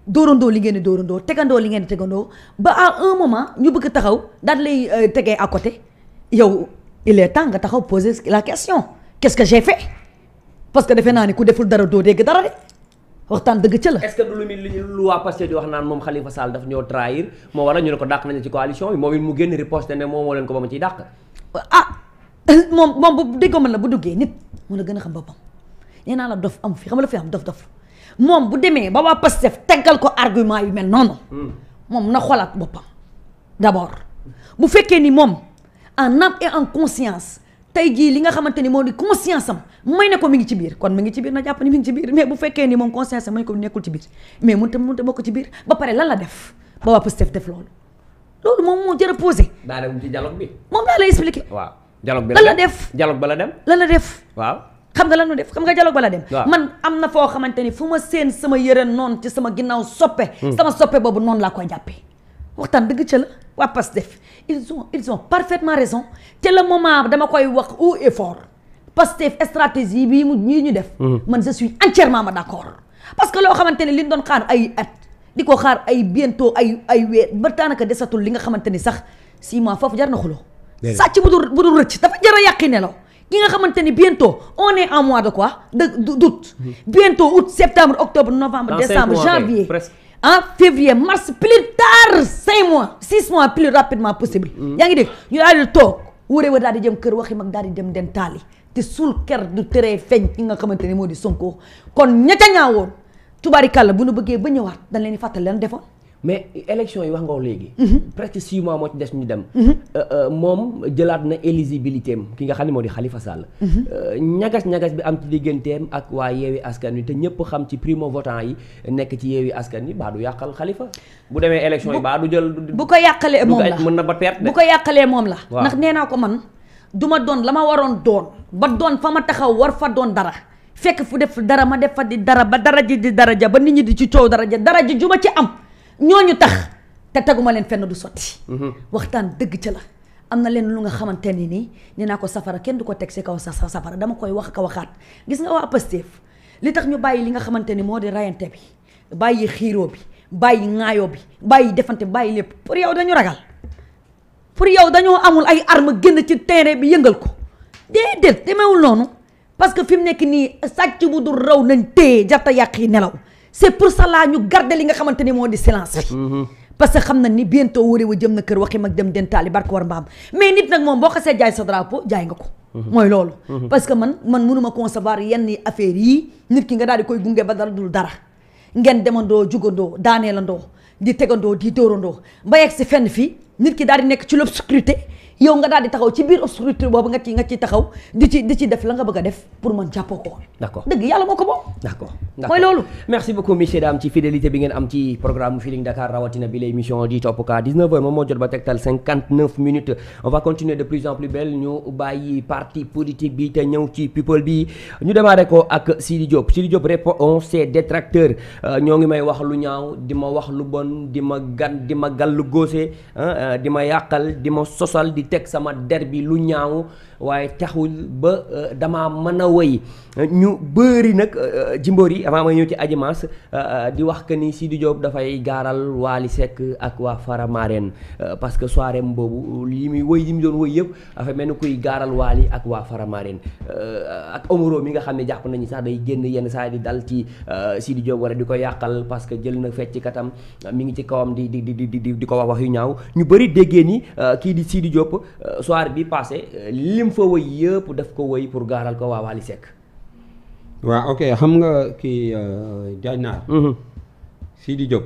dóorandoo li ngeen di dóorandoo tegandoo li ngeen di tegandoo ba à un moment ñu bëgg taxaw daal lay euh, tegee à côté yow il est temps nga taxaw poser la question qu'est-ce parce que defe naa ni ku deful dara doo dégg dara de waxtaan dëgg ca est-ce que lu muy lu waa Pastef di wax naan moom Khalifa Sall daf ñoo trahir moo waral ñu ne ko dàq nañu ci coalition bi moom it mu ko ba mu ciy dàq. ah moom moom bu déggoo man la bu duggee nit gën a xam boppam nee naa la dof am fi xam la fi am dof dof moom bu demee ba waa Pastef teggal ko argument yu mel noonu. Hmm. moom na xoolaat boppam d'abord bu fekkee ni moom en âme et en conscience. tey jii li nga xamante ni moo di conscience am may ne ko mi ngi ci biir kon mi ngi ci biir na jàpp ni mi ngi ci biir mais bu fekkee ni moom conscience am may ko nekkul ci biir mais mënut a a bokk ci biir loolu moom moo jërë posé. daa dem ci dialogue bi. moom laa lay expliqué. waaw dialogue bi la dem lan la def. dialogue ba la dem. lan la def. waaw. xam nga lan la def xam nga dialogue ba la dem. man am na foo xamante ni fu ma seen sama yëre noonu ci sama ginnaaw soppe. Hmm. sama soppe boobu noonu laa koy jàppee waxtaan dëgg ca la. waa Pastef ils ont ils ont parfaitement raison te le moment dama koy wax haut et fort Pastef stratégie bii mu ñii ñu def. Mm-hmm. man je suis entièrement ma d'accord. parce que loo xamante ne li nu doon xaar ay at di ko xaar ay bientôt ay ay weer ba daanaka desatul li nga xamante ni sax six mois foofu jar na xuloo. sàcc bu dul bu dul rëcc dafa jar a yàqi nelaw ki nga xamante ni bientôt on est en mois de quoi de d'août. Mm-hmm. bientôt août septembre octobre novembre décembre janvier en février mars plus tard cinq mois six mois plus rapidement possible. Mm. yaa ngi dégg ñu daal toog wóoree wa daal di jëm kër waxi mag daal di dem den taali te suul ker du teree feeñ ki nga xamante ne moo di Sonko kon ña ca ñaawoon tubaarikàlla bu nu bëggee ba ñëwaat dañ leen di fàttali leen defoon. mais élection yi wax ngaw léegi. Mhm. presque six mois moo ci des ñu dem. Mhm. Euh, euh, moom jëlaat na éligibilité ki nga xam ne moo di Khalifa Sall. Mhm. Euh, ñagas ñagas bi am ci digganteem ak waa yeewi askan wi te ñëpp xam ci primo votant yi nekk ci yeewi askan wi baa du yàqal xalifa bu demee élection yi baa du jël. bu ko yàqalee moom la mën na ba perte bu ko yàqalee moom la. ndax nee naa ko man duma doon la ma waroon doon. ba doon fa ma taxaw war fa doon dara. fekk fu def dara ma def fa di dara ba dara ji di daraja ba nit di ci coow daraja daraja ju ma ci am. ñooñu tax te taguma leen fenn du sotti. Mhm. waxtaan dëgg ca la. am na leen lu nga xamante ne nii nee naa ko safara kenn du ko teg si kaw sa safara dama koy wax ka waxaat gis nga waa Pastef li tax ñu bàyyi li nga xamante ni moo di rayante bi bàyyi xiiroo bi bàyyi ŋaayoo bi bàyyi defante bàyyi lépp pour yow dañu ragal pour yow dañoo amul ay arm génn ci terrain bi yëngal ko déedéet demewul noonu parce que fi mu nekk nii sàcc bu dul raw nañ téye jarta yàq yi nelaw c'est pour ça là ñu garder li nga xamante ni moo di silence bi mm-hmm. parce que xam na ni bientôt wóore wa jëm na kër waxi mag dem den taali bark war mbaam mais nit nag moom boo xasee jaay sa drapeau jaay nga ko mm-hmm. mooy loolu mm-hmm. parce que man man mënuma concevoir yenn affaire yii nit ki nga daal di koy gunge ba dara dul dara ngeen demandoo jugandoo daaneelandoo di tegandoo di dóorandoo ba yegg si fenn fii nit ki daal di nekk ci l'obscurité yow nga daal di taxaw ci biir structure boobu nga ci nga ci taxaw di ci di ci def la nga bëgg a def pour mën jàppoo ko woon d'accord dëgg yàlla moo ko moom d'accord mooy loolu merci beaucoup monsieur Dame ci fidélité bi ngeen am ci programme Feeling Dakar rawatina bi la émission di topp ka 19 heures moom moo jot ba tegtal 59 minutes on va continuer de plus en plus belle ñu bàyyi parti politique bi te ñëw ci people bi ñu démarré ko ak Sidi Diop Sidi Diop répond ses détracteurs euh, ñoo ngi may wax lu ñaaw di ma wax lu bon di ma gan di ma gàllu góose euh, di ma yàqal di ma sosal di teg sama der bi lu ñaaw waaye taxul ba euh, damaa mën a woy ñu bëri nag euh, euh, jimboor yi avant may ñëw ci Adjimass di wax que ni Sidi Diop dafay gaaral waali Seck ak waa Faramareen parce que soirée boobu li muy woy li mu doon woy yëpp dafay mel ni kuy gaaral Waly ak waa Faramareen ak Omoro mi nga xam ne jàpp nañu sax day génn yenn saa di dal ci Sidi Diop wala di ko yàqal parce que jël na fecc katam mi ngi ci kawam di di di di di ko wax wax yu ñaaw ñu bëri déggee ni kii di Sidi Diop soirée bi passé lim fa woy yëpp daf ko woy pour gaaral ko waa Wally Seck waaw ok xam nga kii jaaj naar di Diop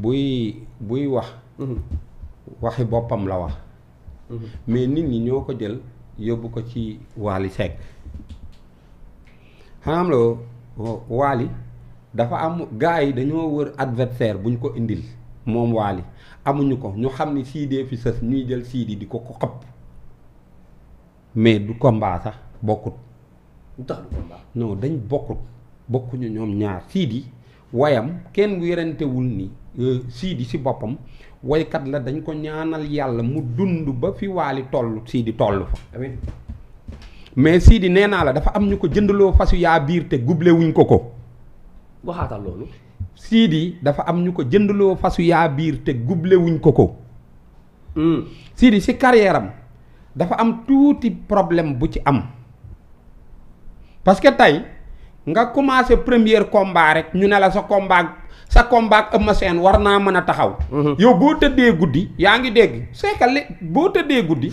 buy buy wax mhm. waxi boppam la wax mhm. mais nit ñi ñoo ko jël yóbbu ko ci Wally Seck xanaam la Wally dafa am gars yi dañoo wër adversaire bu ñu ko indil moom Wally amuñu ko ñu xam ni Sidi fi sës ñuy jël Sidi di ko ko xëpp mais du combat sax bokkut. lu dañ bokkut bokkuñu ñoom ñaar Sidi woyam kenn werantewul ni euh, Sidi si boppam woykat la dañ ko ñaanal yàlla mu dund ba fi waali toll Sidi toll fa. mais Sidi nee naa la dafa am ñu ko jëndaloo fasu yaa biir te guble ko ko. waxaatal loolu. dafa am ñu ko jëndaloo fasu yaa biir te guble ko ko. Hmm. Sidi si carrière dafa am tuuti problème bu ci am parce que tey nga commencé première combat rek ñu ne la sa combat sa combat ak Eumeu Sène war naa mën a taxaw. Mhm. yow boo tëddee guddi yaa ngi dégg c'est que boo tëddee guddi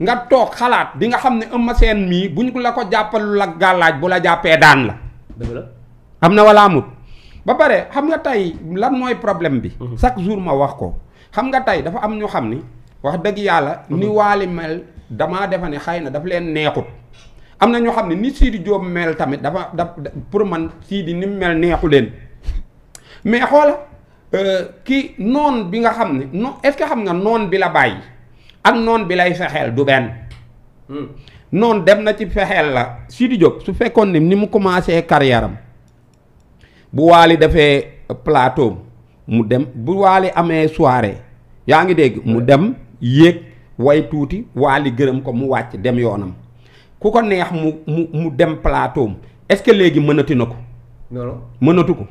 nga toog xalaat di nga xam ne Eumeu Sène mii buñ la ko jàppalu la gàllaaj bu la jàppee daan la. am na wala amut ba pare xam nga tey lan mooy problème bi. Mhm. chaque jour ma wax ko xam nga tey dafa am ñoo xam ni. wax dëgg yàlla. ni mhm. waali mel damaa defe ne xëy na daf leen neexut. am na ñoo xam ne ni Sidi Diop mel tamit dafa daf pour man Sidi ni mu mel neexu leen mais xoola euh, ki noon bi nga xam ne non est-ce xam nga noon bi la bàyyi ak noon bi lay sexeel du benn. Hmm. noon dem na ci fexeel la siidi Diop su fekkoon ni ni mu commencé carrière yaram bu waali defee plateau mu dem bu waali amee soire yaa ngi dégg mu dem. yéeg way tuuti waali gërëm ko mu wàcc dem yoonam ku ko neex mu mu mu dem plateau est-ce que léegi mënati na ko. mënatu ko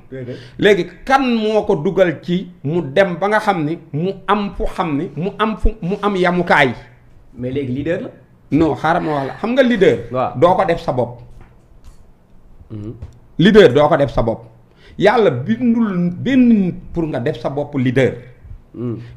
léegi kan moo ko dugal ci mu dem ba nga xam ni mu am fu xam ni mu am fu mu am yamukaay mais léegi leader la non xaaral wax la xam nga leader doo ko def sa bopp mhm. leader doo ko def sa bopp yàlla bindul benn pour nga def sa bopp leader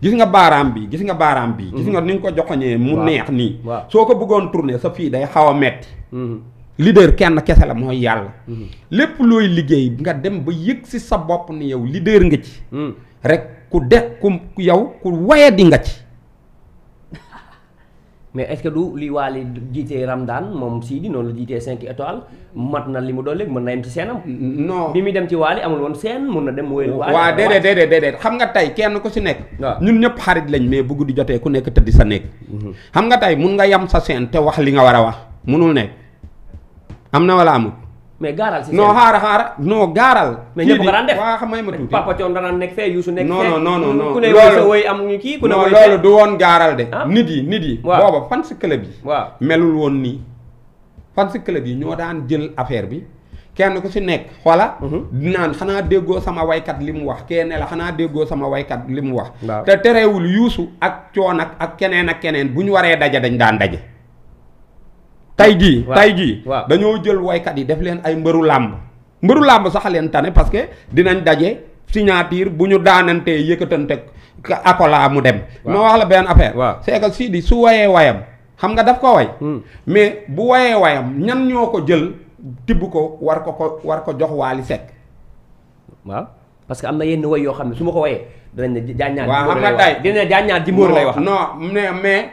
gis nga baaraam bi gis nga baaraam bi gis nga mm. ni nga ko joxoñee mu neex nii soo ko bëggoon tourner sa fii day xaw a metti mm-hmm. leader kenn kese la mooy yàlla mm-hmm. lépp looy liggéey nga dem ba yëg si sa bopp ni yow leader nga ci mm. rek ku de ku yow ku waye di nga ci mais est-ce que du li Waly jiitee Ramdan moom Sidi noonu la jiitee 5 étoiles mat na li mu doon léegi mën na yem ci seenam. non bi muy dem ci Waly amul woon seen mun na dem. wóyul Waly waaw déedéet déedéet déedéet xam nga tey kenn ku si nekk. ñun ñëpp xarit lañ mais bëgg di jotee ku nekk tëdd sa nekk. Mhm. xam nga tey mun nga yam sa seen te wax li nga war a wax munul nekk am na wala amul. mais gaaral si. non xaara xaara non gaaral. mais ñëpp ko daan def waa xam may ma tuuti papa Thion danaan nekk kii ku ne du woon gaaral de. Ah? nit yi nit yi. waaw booba fan si club yi. waaw melul woon nii. fan si club yi ñoo daan jël affaire bi. kenn ku si nekk xoola dinaan mhm. xanaa déggoo sama waykat li mu wax kee la xanaa déggoo sama waykat li mu wax te terewul yuusu ak coon ak ak keneen ak keneen bu ñu waree daje dañ daan daje tay jii tay jii dañoo jël woykat yi def leen ay mbëru làmb mbëru làmb sax leen tane parce que dinañ daje signature bu ñu daanantee yëkkatante akola mu dem ma wax la benn affaire c'est que Sidi su woyee woyam xam nga daf ko way hmm. mais bu woyee wayam ñan ñoo ko jël tibb ko war ko ko war ko jox Waly Seck waaw parce que am na yenn way yoo xam ne su ma ko woyee dinañ ne jaañaar waaw xam lay wax non mais mais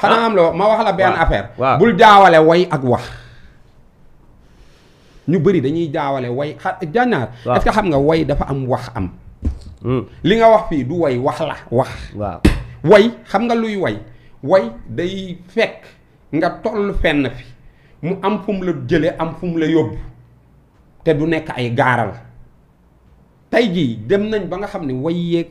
xanaa ah. am la ma wax la benn affaire. bul jaawale woy ak wax. ñu bari dañuy jaawale way xa jànnaar. est-ce xam nga woy dafa am wax am. Hmm. li nga wax fii du woy wax la wax. waaw way xam nga luy way. woy day fekk nga toll fenn fi mu am fu mu la jëlee am fum la yóbbu te du nekk ay gaaral tey jii dem nañ ba nga xam ne woy yéeg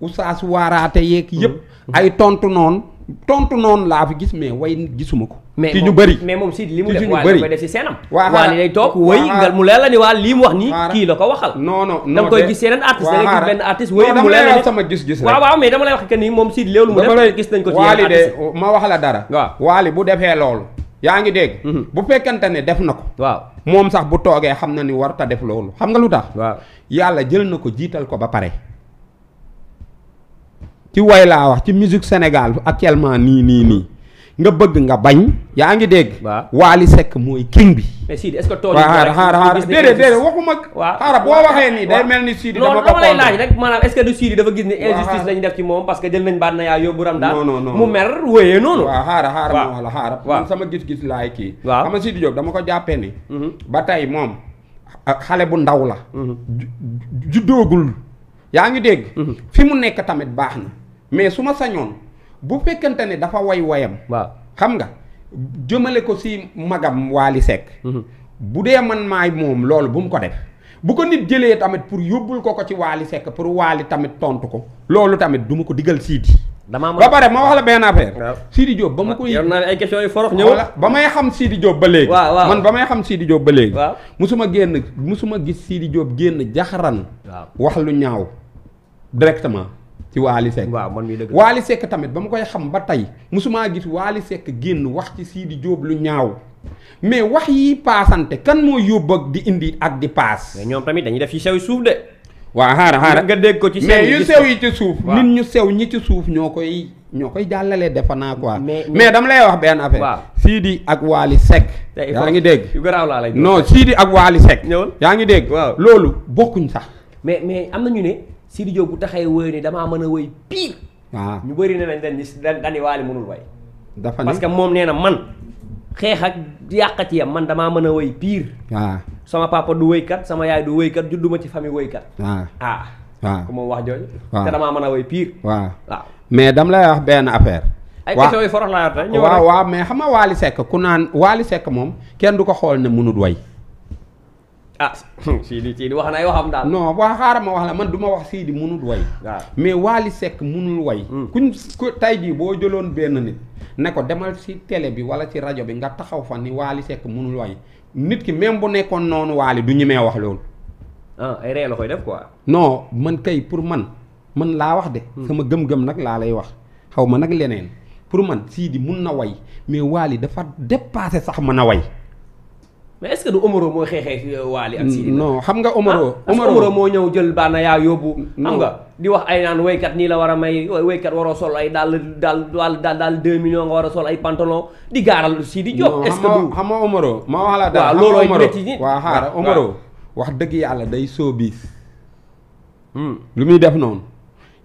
oustaz waaraate yeeg. yëpp hmm. hmm. ay tontu noonu. tontu noonu laa fi gis mais way gisuma ko. mais ci ñu bëri mais moom si li mu def waaye koy def si seenam. waaw waaye day mu leer la ni lii mu wax nii. kii la ko waxal. non non non da nga koy gis yeneen artiste da nga sama gis-gis rek. waaw waaw mais lay wax que ni moom si loolu mu gis nañ ko. ci yeneen artiste ma wax la dara. waaw waali bu defee loolu. yaa ngi dégg. Mhm. bu fekkente ne def na ko. waaw moom sax bu toogee xam na ni warta def loolu xam nga lu tax. yàlla jël na ko jiital ko ba pare ci way laa wax ci musique Sénégal actuellement nii nii nii nga bëgg nga bañ. yaa ngi dégg. waa Waly Seck mooy king bi. mais Sidi est-ce que tooñu. xaaral xaaral déedéet déedéet waxuma. waaw xaaral boo mel ni Sidi dama ko loolu dama lay laaj rek maanaam est-ce dafa gis ne injustice lañ def ci moom parce que jël nañ baat na yaa yóbbu Ramdaan. non non non mu mer wéyee noonu. waaw xaaral xaaral ma wax la xaaral. waaw sama gis-gis laay kii. waaw xam nga Sidi dama ko jàppee ni. Mm-hmm. ba tey moom xale bu ndaw la. Mm-hmm. juddoogul. yaa ngi dégg. Mhm. fi mu nekk tamit baax na mais su ma sañoon bu fekkante ne dafa way wayam. waaw xam nga jëmale ko si magam Waly sekk mhm. bu dee man maay moom loolu bu mu ko def. bu ko nit jëlee tamit pour yóbbul ko ko ci Waly sekk pour Waly tamit tontu ko. loolu tamit du ma ko digal Sidi. damaa ba pare ma wax la benn affaire. waaw Sidi ba ma ah, koy. yor naa ay questions yu forox ñëw ba may xam Sidi Diop ba léegi. man ba may xam Sidi Diop ba léegi. waaw musuma génn musuma gis Sidi jóob génn jaxaran. wax lu ñaaw. directement ci Waly Seck. waaw man mii dëgg Waly Seck tamit ba mu koy xam ba tey mosumaa gis Waly sekk génn wax ci sii Sidi jóob lu ñaaw mais wax yi paasante kan moo yóbbu ak di indi ak di paas. mais ñoom tamit dañuy def ci sew suuf de. waaw xaaral xaaral nga dégg ko ci. mais yu sew yi ci suuf. nit ñu sew ñi ci suuf ñoo koy ñoo koy jàllale defa naa quoi. mais dama lay wax benn affaire. waaw di ak Waly Seck. yaa ngi dégg yu garaaw laa lay non ak Waly Seck. ñëwal yaa ngi dégg. waaw loolu bokkuñ sax. mais mais am na ñu ne. Sidi Diop bu taxee woy ni damaa mën a woy pire. waaw ah. ñu bëri ne nañ dañ dañ dañuy waali mënul woy. dafa parce que moom nee na man xeex ak yàq ci yam man damaa mën a woy pire. waaw ah. sama papa du woykat sama yaay du woykat judduma ci famille woykat. waaw ah. waaw ah. ku moom wax jooju. waaw te damaa mën a woy pire. waaw waaw mais dam lay wax benn affaire. ay questions yu forox laa yor waaw waaw mais xam nga Waly Seck ku naan Waly Seck moom kenn du ko xool ne mënul woy. ah Sidi di wax na ay waxam daal. noo waa xaaral ma wax la man duma wax wax di munul way. waaw mais Waly sekk munul way. Hmm. kuñ ko tey jii boo jëloon benn nit. ne ko demal ci télé bi wala ci rajo bi nga taxaw fa ni Waly Seck munul way nit ki même bu nekkoon noonu Waly du ñemee wax loolu. ah def quoi. non man kay pour man man laa wax de. Hmm. sama gëm-gëm nag laa lay wax xaw ma nag leneen pour man Sidi mun na way mais Waly dafa dépassé sax mën a way. mais est-ce mooy xeexee euh, Waly ak Sidi non xam nga ah, Omaro Omaro moo ñëw jël baana yaa yóbbu di wax ay naan waykat nii la war a may waykat waroo sol ay daal daal daal daal a sol ay pantalon di gaaral Sidi Diop est wax dëgg yàlla day sóobiis hmm. lu def noonu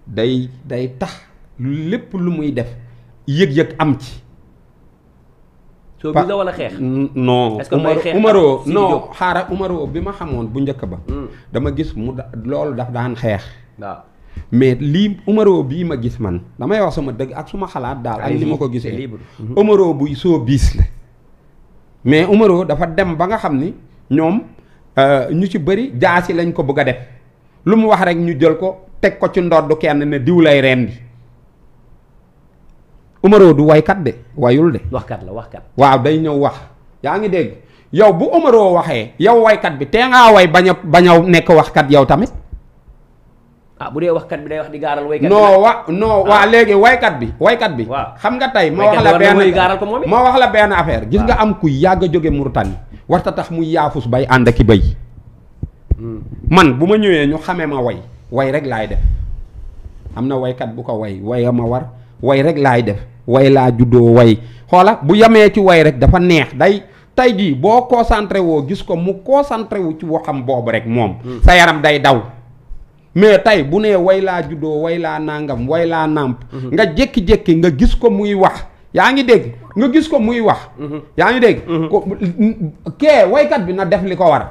day day tax lépp lu muy def yëg-yëg am ci soo gisee wala xeex. noo est-ce que mooy xeex Umaro non xaaral Umaro bi ma xamoon bu njëkk ba. Hmm. dama gis mu da loolu daf daan xeex. waaw mais lii Umaro bii ma gis man damay wax sama dëgg ak su ma xalaat daal. ak li ma ko gisee hmm. Umaro buy soo biis la. mais Umaro dafa dem ba nga xam ni ñoom euh, ñu ci bëri jaasi lañ ko bëgg a def lu mu wax rek ñu jël ko teg ko ci ndodd kenn ne diw lay rendi Omaro du wayul waxkat la waxkat. waaw day ñëw wax yaa ngi dégg yow bu waxee yow waykat bi tee ngaa way bañ a bañ nekk waxkat yow tamit. ah dee waxkat bi day wax di gaaral bi wa non ah. waa léegi waykat bi waykat bi. xam nga tey ma wax la benn ma wax la benn affaire gis nga ah. am kuy yàgg a jóge Murtani warta tax muy yaafus bay ànd ak i bay. Hmm. man bu ma ñëwee ñu xamee ma way way rek laay def am na waykat bu ko way waya ma war way rek laay def. way laa juddoo way xoola bu yamee ci woy rek dafa neex day tey jii boo concentré woo gis ko mu concentré wu ci waxam boobu rek moom hmm. sa yaram day daw mais tey bu nee woy laa juddoo way laa nangam woy laa nàmp hmm. nga jékki-jékki nga gis ko muy wax yaa ngi dégg nga gis ko muy wax hmm. yaa ngi dégg ko kee waykat bi na def li ko war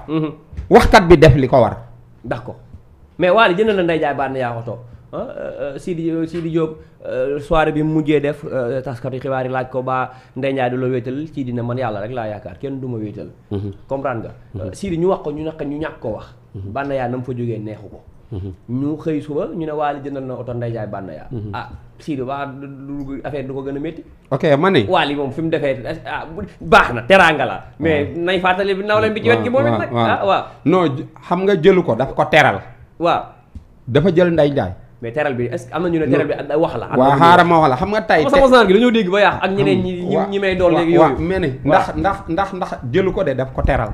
waxkat bi def li ko war d'accord mais Waly jënd la Ndeye Ndiaye yaa oto Ah, eh, eh, Sidi eh, Sidi Diop soirée bi mu mujjee def taskatu xibaar yi laaj ko ba Ndeye du la wéetal Sidi ne man yàlla rek laa yaakaar kenn du ma wéetal. Mhm. comprendre nga. Mhm. Sidi ñu wax ko ñu naka ñu ñàkk ko wax. Mhm. Banaya na mu fa jógee neexu ko. ñu xëy suba ñu ne Wally jëndal na oto Ndeye Ndiaye Banaya. ah Sidi waa du affaire a métti. ok man ni Wally moom fi mu ah, baax na teraanga la. mais nay fàttali bi nawleen bi ci wet gi moom it nag. ah waaw non xam nga jëlu ko daf ko teral. waaw dafa jël Ndeye mais teral bi est que am na ñu ne teral bi wax la. waaw xaaral ma wax la xam nga tey. sama saar gi dañoo dégg ba yàq ak ñeneen ñi ñi may dool léegi yooyu mais ne ndax ndax ndax ndax jëlu ko de daf ko teral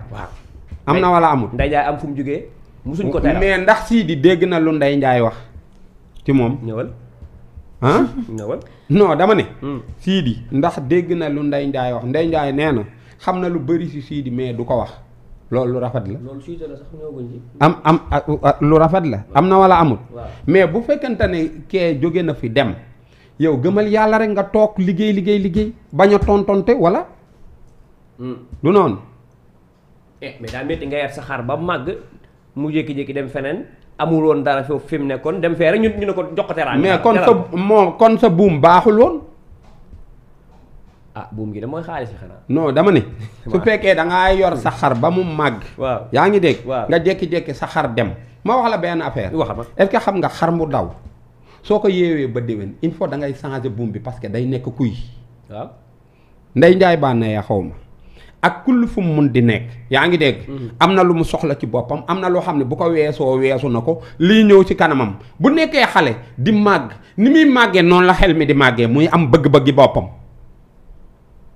am na wala amul nday njaay am fu mu jógee musuñ ko teral mais ndax sii di dégg na lu nday njaay wax ci moom ñëwal ah ñëwal dama ne hmm. sii ndax dégg na lu nday njaay wax nday njaay nee na xam na lu bëri si sii di mais du ko wax loolu lu rafet la. loolu suite la sax ñëwaguñ am am lu rafet la am na wala amul. mais bu fekkente ne kee jóge na fi dem yow gëmal yàlla rek nga toog liggéey liggéey liggéey bañ a tontonte wala. Hmm. du noonu. eh mais daa métti nga yar sa xar ba màgg mu jékki-jékki dem feneen. amul woon dara foofu fi mu nekkoon dem fee rek ñu ñu ne ko jox ko mais kon sa moom kon sa buum baaxul woon. ah buum gi de mooy xaalis bi dama ne. su fekkee da yor sa xar ba mu màgg. waaw yaa ngi dégg. nga jékki-jékki sa xar dem. ma wax la benn affaire. wax ma xam nga xar mu daw. soo ko yeewee ba déwén il faut da ngay changer buum bi parce que day nekk kuy. waaw ndey njaay bànne xaw ma. ak kull fu mu mun di nekk yaa ngi dégg mm-hmm. am na lu mu soxla ci boppam am na loo xam ne bu ko weesoo weesu na ko lii ñëw ci kanamam bu nekkee xale di màgg ni muy màggee noonu la xel mi di màggee muy am bëgg-bëggi boppam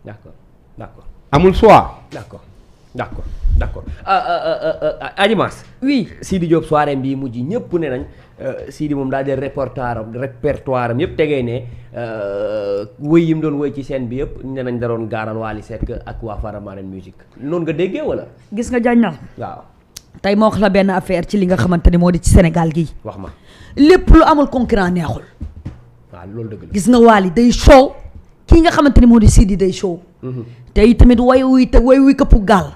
d' accord d' accord amul choix. d' accord d' accord d' accord euh, euh, euh, Adji Mass oui Sidi Diop soirée bii mujj ñëpp ne nañ Sidi moom daa jël répertoire am répertoire am yëpp tegee ne wëy yi mu doon wëy ci scène bi yëpp ne nañ da doon gaaral Wally Seck ak waa Faramaren musique noonu nga déggee wala. gis nga jàññal waaw. tey moo wax la benn affaire ci li nga xamante ni moo di ci Sénégal gii. wax ma lépp lu amul concurrent neexul. waaw loolu dëgg la gis nga Wally day show. kii nga xamante ni moo di Sidi Day Show. Mm-hmm. tey tamit way wuy te way wuy këpp gaal.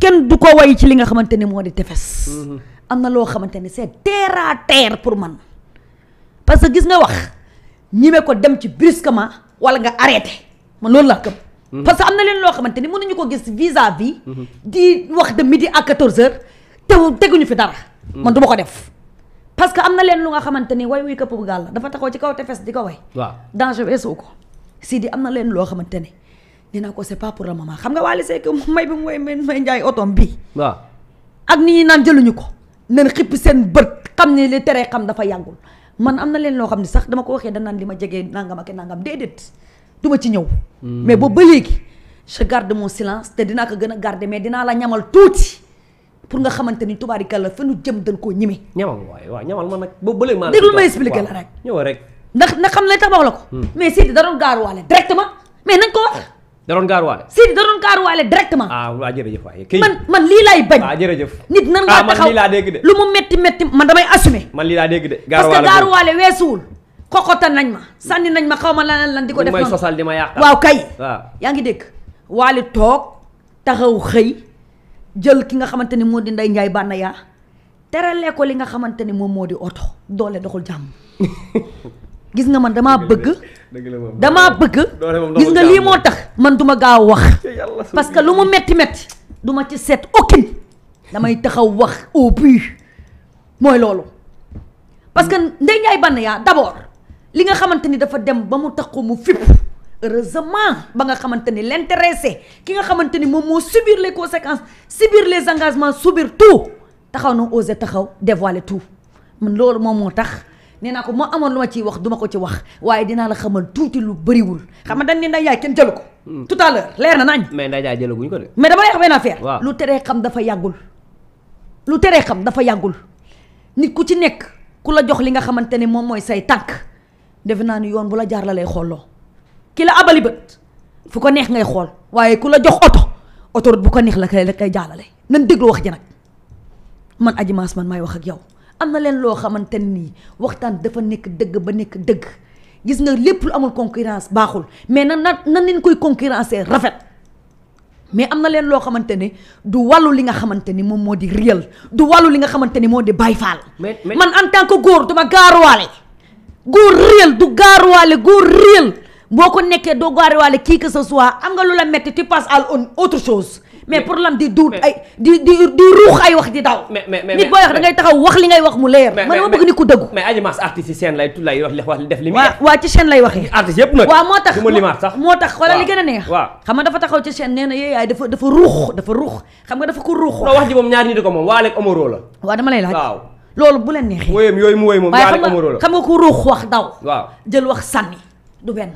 kenn du ko way ci li nga xamante ni moo di tefes. Mm-hmm. am na loo xamante ni c'est terre à terre pour man. parce que gis nga wax ñime ko dem ci brusquement wala nga arrêté ma loolu la gëm. Mm-hmm. parce que am na leen loo xamante ni mënuñu ko gis vis-à-vis. di wax de midi à 14h te teguñu fi dara. man du ma ko def. parce que am na leen lu nga xamante ni way wuy këpp gaal la dafa ci kaw tefes di ko way. si di am na leen loo xamante ni nee ko c'est pas pour la maman xam nga Wally Seck may bi mooy may njaay otom bii. waaw ak nit ñi naan jëluñu ko. nen xippi seen bët xam ne li teree xam dafa yàggul man am na leen loo xam ne sax dama ko waxee danaan li ma jegee nangam ak nangam déedéet du ma ci ñëw. Hmm. mais boobu ba léegi je garde mon silence te dinaa ko gën a garder mais dinaa la ñamal tuuti. pour nga xamante ni tubaarikàlla fa nu jëm dañ koo ñeme. ñamal waaye waaw ñamal man nag ba bële maa. la rek. ñëw rek ndax ndax xam la tax ma la ko. Hmm. mais Sidi da doon gaaruwaale directement mais nañ ko wax. Ah, da doon gaaruwaale. Sidi da doon gaaruwaale directement. ah waa jërëjëf waaye kay. man man lii laay bañ. ah jërëjëf nit nan ngaa ah, taxaw man lii laa dégg de. lu mu metti metti man damay assumer. man lii laa dégg de. gaaruwaale parce que gaaruwaale weesuwul. xoxotan nañ ma sànni nañ ma xaw ma lan lan di ko def noonu may sosal di ma yàq. waaw kay. waaw yaa ngi dégg. waali toog taxaw xëy jël ki nga xamante ni moo di Ndeye Ndiaye Banaya terale li nga xamante ni moom moo di oto doole doxul jàmm gis nga man damaa bëgg damaa bëgg gis nga lii moo tax man duma ma gaaw wax parce que lu mu metti metti du ma ci seet aucune damay taxaw wax au but mooy loolu parce que Ndeye Ndiaye Banaya d'abord li nga xamante ni dafa dem ba mu taxu mu fipp heureusement ba nga xamante ni l'intéressé ki nga xamante ni moom moo subir les conséquences subir les engagements subir tout taxaw na osé taxaw dévoiler tout man loolu moom moo tax nee naa ko ma amoon lu ma ciy wax duma ko ci wax waaye dinaa la xamal tuuti lu bariwul xam nga dañ ne Ndeye Ndiaye kenn jëlu ko hmm. tout à leer na nañ mais Ndeye Ndiaye jëlaguñ ko de mais dama lay wax benn affaire lu teree xam dafa yàggul lu teree xam dafa yàggul nit ku ci nekk ku la jox li nga xamante ne moom mooy say tànk defe naa ni yoon bu la jaar la lay xooloo ki la abali bët fu ko neex ngay xool waaye ku la jox oto autoroute bu ko neex la kay la kay jaalale nan déglu wax ji nag man Adji Mass man maay wax ak yow am na leen loo xamante nii waxtaan dafa nekk dëgg ba nekk dëgg gis nga lépp lu amul concurrence baaxul mais na nan nan leen koy concurrencer rafet mais am na leen loo xamante ne du wàllu li nga xamante ni moom moo di réel du wàllu li nga xamante ni moo di Baay Faal man en tant que góor duma gaaruwaale góor réel du gaaruwaale góor réel boo ko nekkee doo gaaruwaale kii que ce soit am nga lu la metti tu passes à une autre chose mais pour lam di duut ay di di ruux ay wax di daw. nit booy wax da taxaw wax li ngay wax mu leer. man ma bëgg nit ku dëggu. mais ci seen lay waxee. artiste moo tax moo tax xoolal li gën a neex. waaw xam nga dafa taxaw ci seen nee na yaay dafa dafa ruux dafa ruux xam nga dafa ko ruux. wax ji moom ñaari nit ko moom Wally ak Omaro la. waaw dama lay laaj waaw. loolu bu leen neexee. wóoyam yooyu mu wóoy moom Wally ku ruux wax daw. jël wax sànni du benn.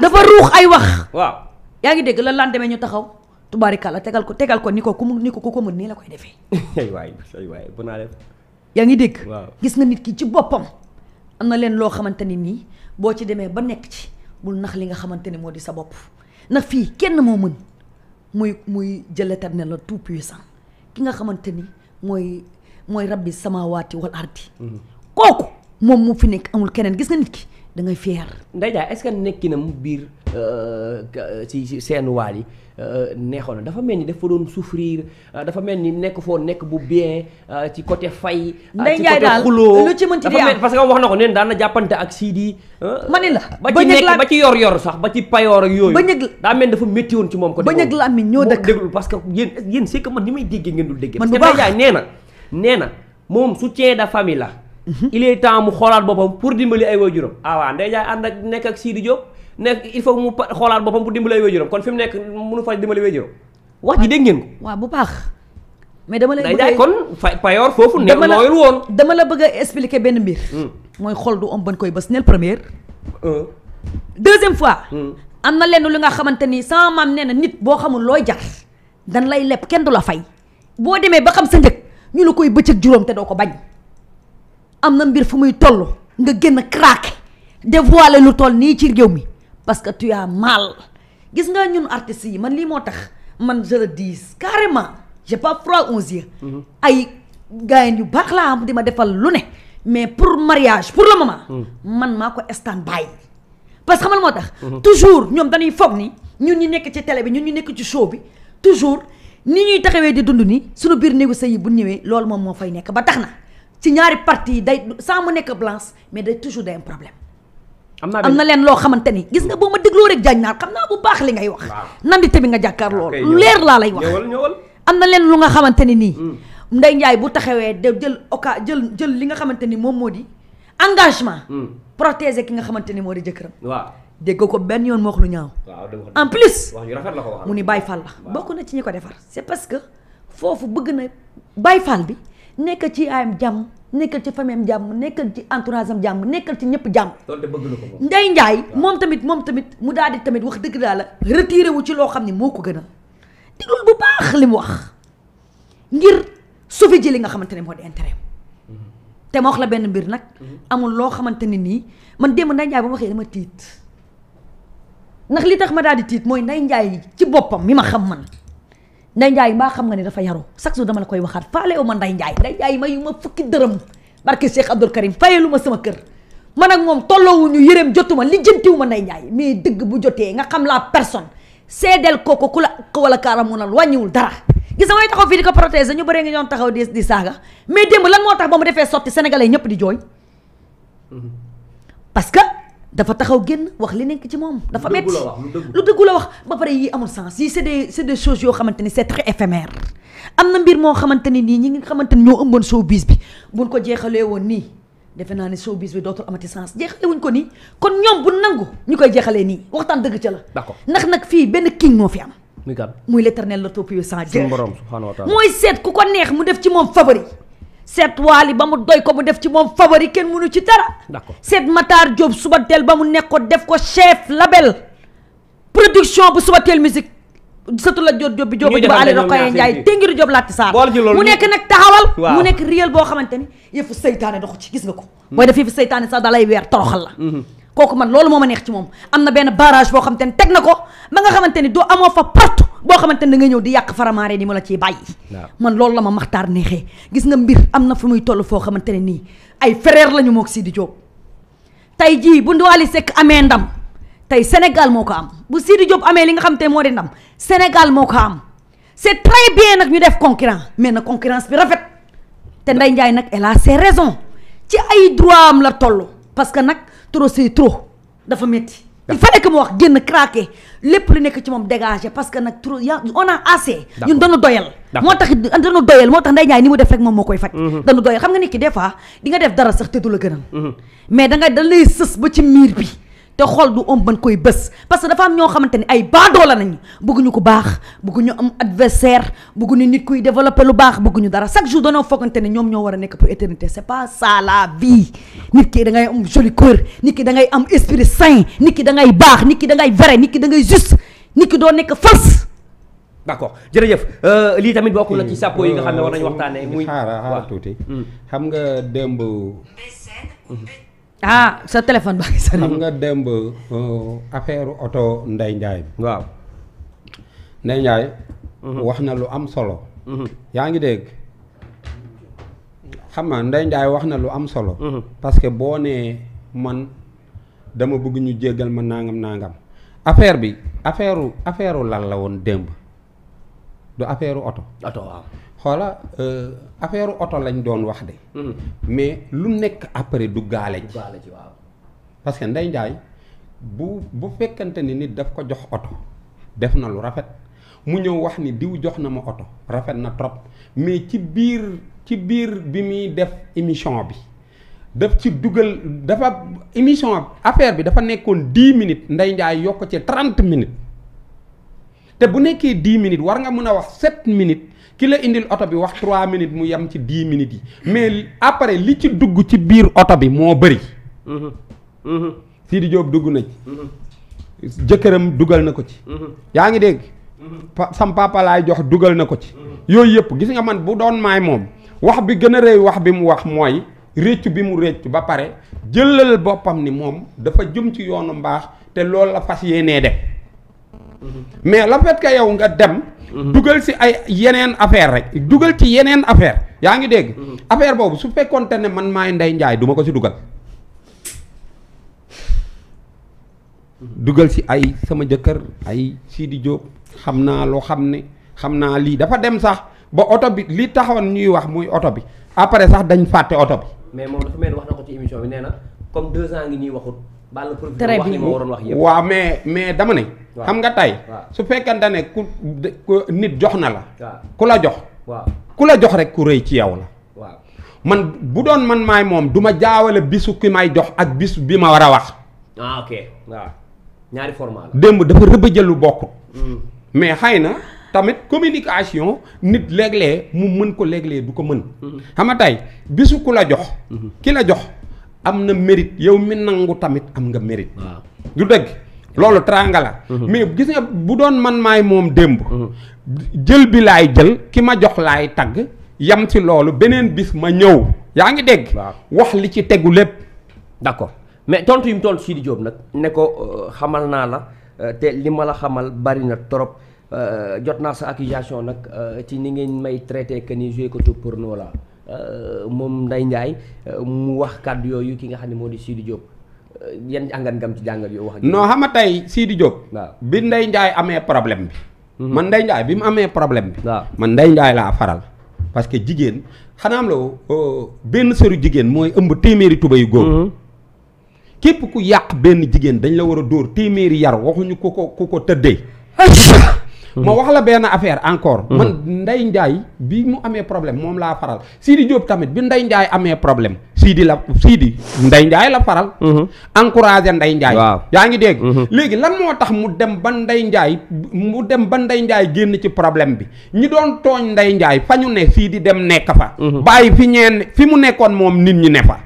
dafa ruux ay wax waaw yaa ngi dégg la lan demee ñu taxaw tubaarikàlla tegal ko tegal ko ni ko ku mu ni ko ku ko mën nii la koy defee. waay ay waay bu naa def. yaa ngi dégg. gis nga nit ki ci boppam. am na leen loo xamante ni nii boo ci demee ba nekk ci bul nax li nga xamante ni moo di sa bopp ndax fii kenn moo mën muy muy jëletat ne la tout puissant ki nga xamante ni mooy mooy rabbi samawaati wal ardi. Mhm. kooku moom mu fi nekk amul keneen gis nga nit ki da ngay fier. Ndeye Diagne est-ce que nekkinam biir. Euh, euh, ci ci seen waal yi euh, neexoon na dafa mel ni def dafa doon souffrir dafa mel ni nekk foo nekk bu bien ci côté fay. ndey njaay daal lu ci mënti di am wax na ko neen daan na jàppante ak Sidi. ma ni la ci nekk ba sax ba ci payoor ak yooyu. ba ñëg daa dafa métti ci moom. ko ba ñëg la am ñoo dëkk déglu parce que yéen yéen c'est que man ni may déggee ngeen dul déggee. man bu baax parce na nee na moom soutien de famille la. Mhm. il temps mu xoolaat boppam pour dimbali ay waajuram. ah waa ànd ak nekk ak Sidi Diop nekk il faut mu xoolaat boppam bu dimbalee wéjuram kon fi mu nekk mënu faj dimbali wéjuram wax ji dégg ngeen ko waaw bu baax mais dama lay jaay kon payoor foofu ne nooyul woon dama la bëgg a benn mbir hmm. mooy xool du om ban koy bës neel première deuxième fois hmm. am na lenn li nga xamante ni sama maam nee na nit boo xamul looy jar dan lay leb kenn du la fay boo demee ba xam sa njëg ñu la koy bëccëg juróom te doo ko bañ am na mbir fu muy toll nga génn craqué dévoilé lu toll nii ci réew mi parce que tu as mal gis nga ñun artistes yi man lii moo tax man je le dis carrément j'ai pas froid aux yeux mhm. ay gayen yu baax laa am di ma defal lu ne mais pour mariage pour le moment mhm. man maa ko stand by parce que xamal moo tax mhm. toujours ñoom dañuy foog ni ñun ñu nekk ci télé bi ñun ñu nekk ci show bi toujours ni ñuy taxawee di dund ni suñu biir néegu sëy yi bu ñëwee loolu moom moo fay nekk ba tax na ci ñaari parti yi day sans mu nekk blanche mais day toujours day am am na leen loo xamante ni gis nga boo ma dégloo rek jaañ naar xam naa bu baax li ngay wax nandite bi nga jàkkaar loolu ah, leer laa lay wax am na leen lu nga xamante ni nii hmm. Ndeye Ndiaye bu taxawee de jël oka jël li nga xamante ni moom moo di engagement hmm. protéger ki nga xamante ni moo di jëkkëram dégg ko benn yoon moo wax lu ñaaw en plus mu ni Baye Fall la bokk na ci ñi ko defar c'est parce que foofu bëgg na Baye Fall bi nekk ci ayam jàmm nekkal ci famem jàmm nekkal ci entourage am jàmm nekkal ci ñëpp jàmm. donte bëgg na ko moom moom tamit moom tamit mu daal di tamit wax dëgg daal la retiré wu ci loo xam ne moo ko gënal diglul bu baax li mu wax ngir sauver ji li nga xamante ne moo di intérêt mm-hmm. te ma wax la benn mbir nag. Mm-hmm. amul loo xamante ne nii man démb Ndeye Ndiaye ba ma waxee dama tiit ndax li tax ma daal di tiit mooy Ndeye Ndiaye ci boppam mi ma xam man. nday njaay mbaa xam nga ni dafa yaru chaque jour dama la koy waxaat faale wu ma nday njaay nday njaay mayu ma fukki dërëm barke Cheikh Abdou Karim fayelu ma sama kër man ak moom tolloowuñu yëreem jotuma li ma nday njaay mais dëgg bu jotee nga xam la personne seedeel kooku ku la ko wala kaaramunal wàññiwul dara gis nga may taxaw fii di ko protéger ñu bëree ngi ñoon taxaw di di saaga mais démb lan moo tax ba mu defee sotti sénégalais ñëpp di jooy mm-hmm. parce dafa taxaw génn wax li nekk ci moom. dafa metti lu dëggu la wax ba pare yii amul sens yi c'est des c'est des choses yoo xamante ni c'est am na mbir moo xamante ni nii ñi nga xamante ni ñoo ëmboon showbiz bi buñ ko jeexalee woon nii defe naa ne showbiz bi dootul amati sens jeexale wuñ ko nii kon ñoom bu nangu ñu koy jeexalee nii waxtaan dëgg ca la. d'accord nak nag fii benn kii moo fi am. muy l'éternel la tout puissant. suñu borom subhanahu wa taala mooy seet ku ko neex mu def ci moom favori. seet waali ba mu doy ko mu def ci moom favori kenn mënu ci dara. d'accord seet Matar job suba teel ba mu nekk ko def ko chef label production bu suba teel musique sëtu la Diop Diop bi Diop ba Ali Rokhaya Ndiaye Tengiru Diop Laati Sarr mu nekk nag taxawal. mu nekk réel boo xamante ni yëfu seytaane doxu ci gis nga ko. mooy hmm. def yëfu seytaane sax lay weer toroxal la. Hmm. kooku man loolu moo ma neex ci moom am na benn barrage boo xamante ne teg na ko ba nga xamante ni doo amoo fa porte boo xamante ne da nga ñëw di yàq faramaare ni ma la ciy bàyyi man loolu la ma maxtaar neexee gis nga mbir am na fu muy toll foo xamante ne nii ay frère la ñu moog di Diop tey jii bu Wally Seck amee ndam tey Sénégal moo ko am bu Sidi Diop amee li nga xam ne moo di ndam Sénégal moo ko am c'est très bien nag ñu def concurrence mais na concurrence bi rafet te Ndeye Ndiaye nag elle a ses raisons ci ay droit am la toll parce que nag trop c'est trop dafa métti. il fallait que mu wax génn craqué lépp lu nekk ci moom dégagé parce nag trop ya on a assez. ñun dañu doyal. moo tax dañu doyal moo tax nday ñaay ni mu def rek moom moo koy faj. Mhm. dañu doyal xam nga nit ki des def dara sax te la gënal. Mhm. mais da nga sës ba ci miir bi. te xol du om ban koy bés parce que dafa am ñoo xamante ni ay baadoola nañu bëgguñu ko baax bëgguñu am adversaire bëgguñu nit kuy développer lu baax bëgguñu dara chaque jour dañoo foogante ne ñoom ñoo war a nekk pour éternité c'est pas ça la vie nit ki da ngay am joli cœur nit ki dangay am esprit sain nit ki da ngay baax nit ki da ngay vrai nit ki da ngay juste nit ki doo nekk false d'accord jërëjëf euh, lii tamit bokk na ci hmm. sàppo yi nga xam ne war nañu waxtaanee muy xaaral xaaral tuuti hmm. xam nga démb ah sa téléphone baa nga démb euh, affaire oto Ndeye Ndiaye. waaw Ndeye mhm. wax na lu am solo. Mhm. yaa ngi dégg xam nga wax na lu am solo. Mhm. parce que boo nee man dama bëgg ñu jéggal ma naangam nangam affaire bi affaire affaire lan la woon démb du affaire oto. oto waaw. xoola euh, affaire oto lañ doon wax de. Hmm. mais lu nekk après du gaale ji. gaale ji waaw. parce que Ndeye bu bu fekkante ni nit daf ko jox oto def na lu rafet mu ñëw wax ni diw jox na ma oto rafet na trop mais ci biir ci biir bi muy def émission bi. def ci dugal dafa émission affaire bi dafa nekkoon dix minutes Ndeye yokk ci trente minutes te bu nekkee dix minutes war nga mën a wax sept minutes ki la indil oto bi wax 3 minutes mu yem ci 10 minutes yi mais après li ci dugg ci biir oto bi moo bëri. Mhm. Mhm. Sidi Diop dugg na ci. Mhm. jëkkëram dugal na ko ci. yaa ngi dégg. sam jox dugal na ko ci. yooyu yëpp gis nga man bu doon maay moom wax bi gën a rëy wax bi mu wax mooy réccu bi mu réccu ba pare jëlal boppam ni moom dafa jëm ci yoonu mbaax te loolu la fas yéenee dem. mais le fait yow nga dem. Mm-hmm. dugal si ay yeneen affaire rek dugal ci yeneen affaire yaa ngi dégg mm-hmm. affaire boobu su fekkoonte ne man maay ndey njaay du ma ko si dugal mm-hmm. dugal si ay sama jëkkër ay sii di Diop xam naa loo xam ne xam naa lii dafa dem sax ba oto bi li taxoon ñuy wax muy oto bi après sax dañ fàtte oto bi mais moom dafa mel wax na ko ci émission bi nee na comme deux ans ngi ñuy waxut Balla profité wax li ma waroon wax yëpp waaw mais mais dama ne. xam nga tey. su fekkente ne ku nit jox na la. ku la jox. waaw ku la jox rek ku rëy ci yow la. man bu doon man maay moom duma jaawale bisu ki may jox ak bisu bi ma war a wax. Ah, ñaari format démb dafa rëbëjal lu bokk. Hmm. mais xay na tamit communication nit léeg mu mën ko léeg du ko mën. Hmm. xam nga tey bisu ku la jox. Hmm. ki la jox. am na mérit yow mi nangu tamit am nga mérit waaw du dëgg loolu teraanga la. Mhm. mais gis nga bu doon man maay moom démb. Mhm. jël bi laay jël ki ma jox laay tagg yam ci loolu beneen bis ma ñëw yaa ngi dégg. wax li ci tegu lépp. d'accord mais tontu yi mu tontu di Diop nag ne ko euh, xamal naa la euh, te li ma la xamal bari na trop euh, jot naa sa accusation nag ci ni ngeen may traité que ni ko tout pour nous là. Euh, moom Ndeye euh, mu wax kàddu yooyu ki nga xam ne moo di Sidi Diop euh, yan àngan ngam ci jàngat yoo wax. non xam a tey Sidi Diop. waaw bi Ndeye Ndiaye amee problème bi. Mhm. man Ndeye bi mu amee problème bi. man Ndeye Ndiaye laa faral. parce que jigéen xanaam la benn sëru jigéen mooy ëmb téeméeri tuba yu góor. Mhm. képp ku yàq benn jigéen dañ la war a dóor téeméeri yar waxuñu ku ko ku ko tëddee. ma wax la benn affaire encore mhm. man ndey Ndiaye bi mu amee problème moom laa faral sii di Diop tamit bi Ndeye Ndiaye amee problème sii di la Sidi Ndeye Ndiaye la faral mhm. encouragé Ndeye Ndiaye yaa ngi dégg mhm. léegi lan moo tax mu dem ba Ndeye Ndiaye mu dem ba Ndeye Ndiaye génn ci problème bi ñi doon tooñ Ndeye Ndiaye fa ñu ne di dem nekk fa bàyyi fi ñeen fi mu nekkoon moom nit ñi ne fa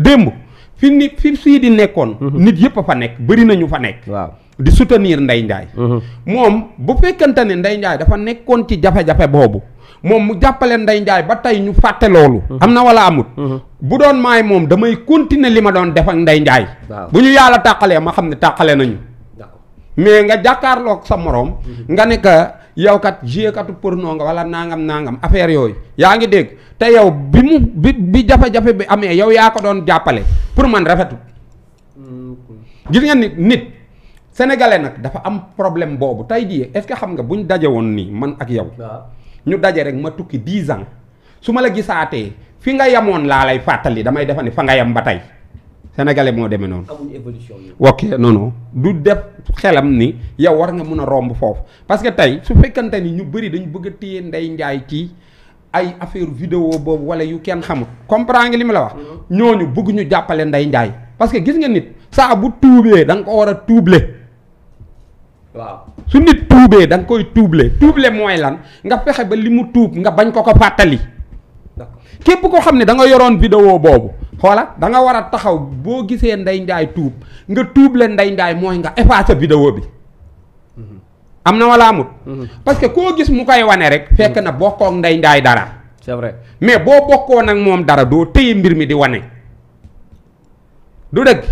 démb fi nit fi Sidi nekkoon nit yëpp a fa nekk bëri nañu fa nekk waaw di soutenir Ndeye mhm. moom bu fekkante ne Ndeye dafa nekkoon ci jafe-jafe boobu moom mu jàppale Ndeye ba tey ñu fàtte loolu. Mhm. am na wala amut. Mhm. bu doon maay moom damay continuer li ma doon defal ndeynjaay bu ñu yàlla tàqalee ma xam ne tàqale nañu. mais nga jàkkaarlook sa moroom nga ne ka yow kat jéekatu porno nga wala nangam nangam affaire yooyu. yaa ngi dégg te yow bi mu bi bi jafe-jafe bi amee yow yaa ko doon jàppale pour man rafetu mm, gis nga sénégalais nag dafa am problème boobu tey jii est-ce que xam nga bu ñu dajee woon nii man ak yow. ñu daje rek ma tukki dix ans su ma la gisaatee fi nga yamoon laa lay fàttali damay defa ni fa nga yam ba tey sénégalais moo demee noonu. évolution ok non non du def xelam ni yow war nga mun a romb foofu parce que tey su fekkante ni ñu bëri dañu bëgg a téye ndey njaay ci ay affaire vidéo boobu wala yu kenn xamul comprendre ngi li ma la wax. Mm-hmm. ñooñu bëgg ñu jàppale ndey njaay parce que gis nga nit saa bu tuubee da ko war a tuuble. waaw su nit tuubee da nga koy tuuble tuuble mooy lan nga fexe ba li mu tuub nga bañ ko ko fàttali. képp koo xam ne da nga yoroon vidéo boobu xoola danga war a taxaw boo gisee ndeynjaay tuub nga tuuble ndeynjaay mooy nga effacer vidéo bi. Mm-hmm. am na wala amut. Mm-hmm. parce que koo gis mu koy wane rek. fekk mm-hmm. na bokkoo ndeynjaay dara. c'est mais boo bokkoo nag moom dara doo téye mbir mi di wane. du dëgg.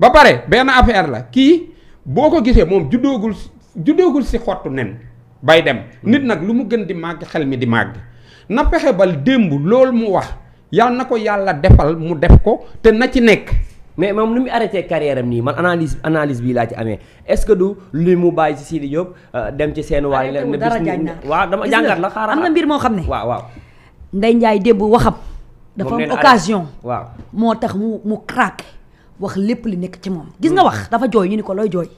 ba pare benn affaire la kii. boo ko gisee moom juddoogul juddoogul si xottu nen bay dem nit nag lu mu gën di màgg xel mi di màgg na pexe bal démb loolu mu wax yal na ko yàlla defal mu def ko te na ci nekk mais moom lu muy arrêté carrière nii man analyse analyse bi laa ci amee est-ce que du li mu bàyyi ci Sidi Diop euh, dem ci seen waay la dara jaaj naa waaw dama jàngat la xaaral am na mbir moo xam ne waaw waaw Ndeye Ndiaye démb waxam dafa am occasion waaw moo tax mu mu craqué wax lépp li nekk ci moom mm-hmm. gis nga wax dafa jooy ñu ni ko looy jooy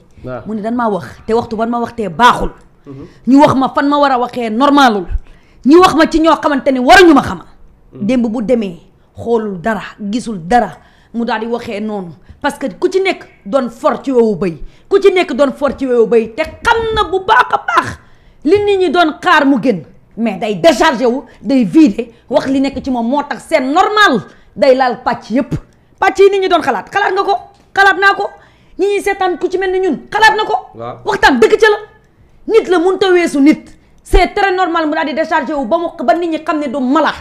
mu ne dan maa wax te waxtu ban ma waxtee baaxul mm-hmm. ñu wax ma fan ma war a waxee normalul ñu wax ma ci ñoo xamante ni waruñu ma xama mm-hmm. démb bu demee xoolul dara gisul dara mu daal di waxee noonu parce que ku ci nekk doon for ci wewu bay ku ci nekk doon for ci wewu bay te xam na bu baax a baax li nit ñi doon xaar mu génn mais day déchargé wu day vide wax li nekk ci moom moo tax c'est normal day laal pàcc yépp pàcc yi nit ñi doon xalaat xalaat nga ko xalaat naa ko ñi ñuy seetaan ku ci mel ni ñun xalaat na ko. waxtaan dëgg ca la. nit la mun ta su nit c'est très normal mu daal di wu ba mu ba nit ñi xam ne du malax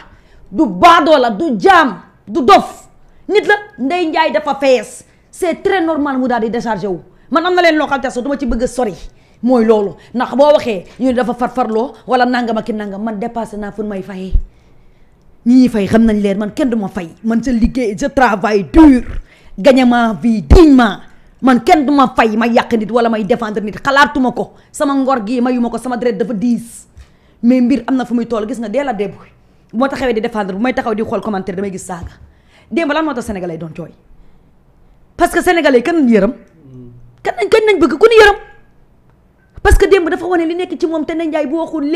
du baadoo la du jaam du dof nit la Ndeye Ndiaye dafa fees c'est très normal mu daal di décharger wu man am na leen loo xam te so duma ci bëgg a sori mooy loolu ndax boo waxee ñu dafa farfarloo wala nangam ak ki nangam man dépassé naa fu may fayee. ñi ñuy fay xam nañ leen man kenn du ma fay man sa liggéey sa travail dur gagne ma vie ma man kenn du ma fay ma yàq nit wala may défendre nit xalaatuma ko sama ngor gi mayu ma ko sama deret dafa diis mais mbir am na fu muy toll gis nga dès la début moo ma taxawee di défendre bu may taxaw di xool commentaire damay gis saaga démb lan moo tax sénégalais doon jooy parce que sénégalais kan lañ yërëm kan nañ kan nañ bëgg ku ñu yërëm parce que démb dafa wane li nekk ci moom te ne Njaay bu waxul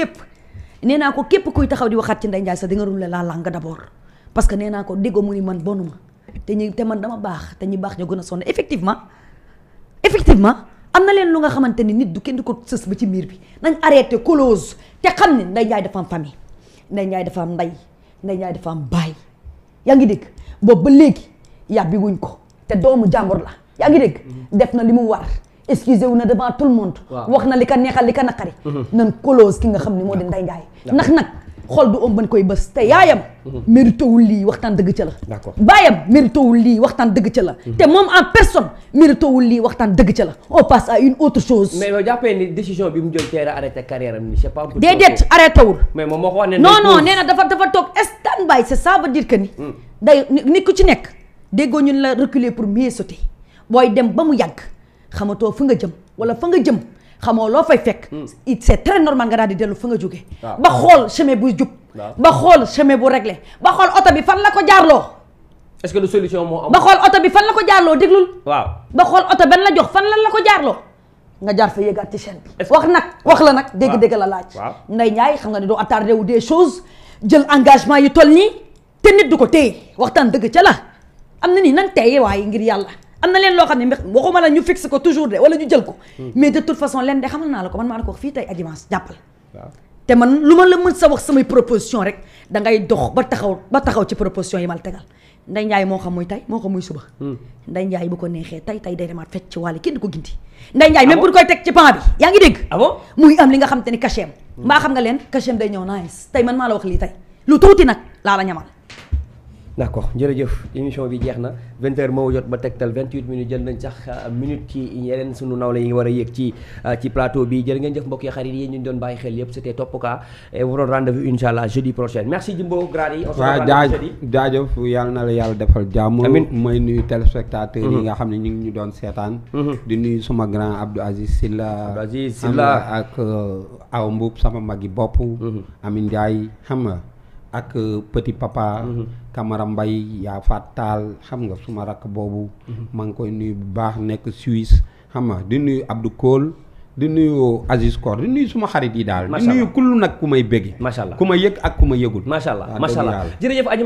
nee naa ko képp kuy taxaw di waxaat ci Ndeye Ndiaye sax di nga rulé la langue d'abord parce que neenaa ko déggoo mu ni man bonu ma te ñu te man dama baax te ñu baax ñu gën a sonn effectivement effectivement am na leen lu nga xamante ni nit du kenn du ko sës ba ci miir bi nañ arrêté close te xam ne nday Ndiaye dafa am famille Ndeye Ndiaye dafa am ndey Ndeye Ndiaye dafa am baay yaa ngi dégg boobu ba léegi yàbbi ko te doomu jàmbur la yaa ngi dégg mm-hmm. def na li mu war excusé wu na devant tout le monde. wax na li ka neexal li ka naqari. Mm-hmm. nan close ki nga xam ni moo di Ndeye Ndiaye. ndax nag xol du om bañ koy bës te yaayam. Mm-hmm. mérité wul lii waxtaan dëgg ca la. d'accord baayam mérité wul lii waxtaan dëgg ca la. Mm-hmm. te moom en personne mérité wul lii waxtaan dëgg ca la on passe à une autre chose. mais yow jàppee bi mu jël teel a arrêté carrière am ni c'est pas. déedéet wul. mais moom moo ko wax dafa dafa toog stand by c'est ça veut dire ni. Mm. day nit ku ci nekk déggoo ñun la reculer pour mieux sauter booy dem ba mu yàgg. too fu nga jëm wala fa nga jëm xamoo loo fay fekk. Hmm. it c'est très normal nga daal di dellu fa nga jóge ah. ba xool chemin bu jub. Ah. ba xool chemin bu réglé ba xool oto bi fan la ko jaarloo. est-ce que solution moo am. ba xool oto bi fan la ko jaarloo déglul. waaw ba xool oto benn la jox fan lan la ko jaarloo. nga jaar fa yéegaat ci chaîne bi. wax nag wax la nag. dégg-dégg la laaj. waaw Ndeye Ndiaye xam nga ne doo attardé wu des choses jël engagement yi toll nii te nit du ko téye waxtaan dëgg ca la am na ni nan téye waaye ngir yàlla. am na leen loo xam ne waxuma la ñu fixe ko toujours de wala ñu jël ko hmm. mais de toute façon leen de xamal naa la ko man maa la ko wax fii tey adimanche jàppal te man lu ma la mën sa wax samay proposition rek da ngay dox ba taxaw ba taxaw ci proposition yi mal tegal nday njaay moo xam muy tey moo xam muy suba hmm. nday njaay bu ko neexee tey tey day demaat fecc ci wàll kenn du ko gindi nday njaay ah même bu ñu koy teg ci pan bi yaa ngi dégg ah muy am li nga xam te ni cachet hmm. mbaa xam nga leen cachet day ñëw nice tey man maa la wax lii tey lu tuuti nag laa ñamal d' accord jërëjëf émission bi jeex na 20 moo jot ba tegtal 28 minutes jël nañ sax euh, minute ci yeneen sunu la yi ngi war a yéeg ci euh, ci plateau bi jërë ngeen jëf mbokk yi xarit yi ñu doon bàyyi xel yëpp c' était Top Cas et vous donne rendez vous incha allah jeudi prochain merci Jimbo Grady. waaw jaaj na la yàlla defal jàmm. amiin mooy nuyu téléspectateurs yi mhm. nga xam ne ñu ngi ñu doon seetaan. Mhm. di nuyu suma grand Abdou Aziz la Abdou Aziz la ak euh, aw Mbuub sama mag yi bopp. Mhm. Amin Ndiaye xam nga. ak euh, petit papa. Mm-hmm. Camara Mbay yaa faat taal xam nga suma rakk boobu. Mm-hmm. maa ngi koy nuyu bu baax nekk Suisse xam nga di nuyu Abdou Kool. di nuyu Aziz Kor di nuyu suma xarit yi daal di nuyu kullu nag ku may bégge macha allah ku ma yëg ak ku ma yëgul macha allah macha allah jërëjëf Adji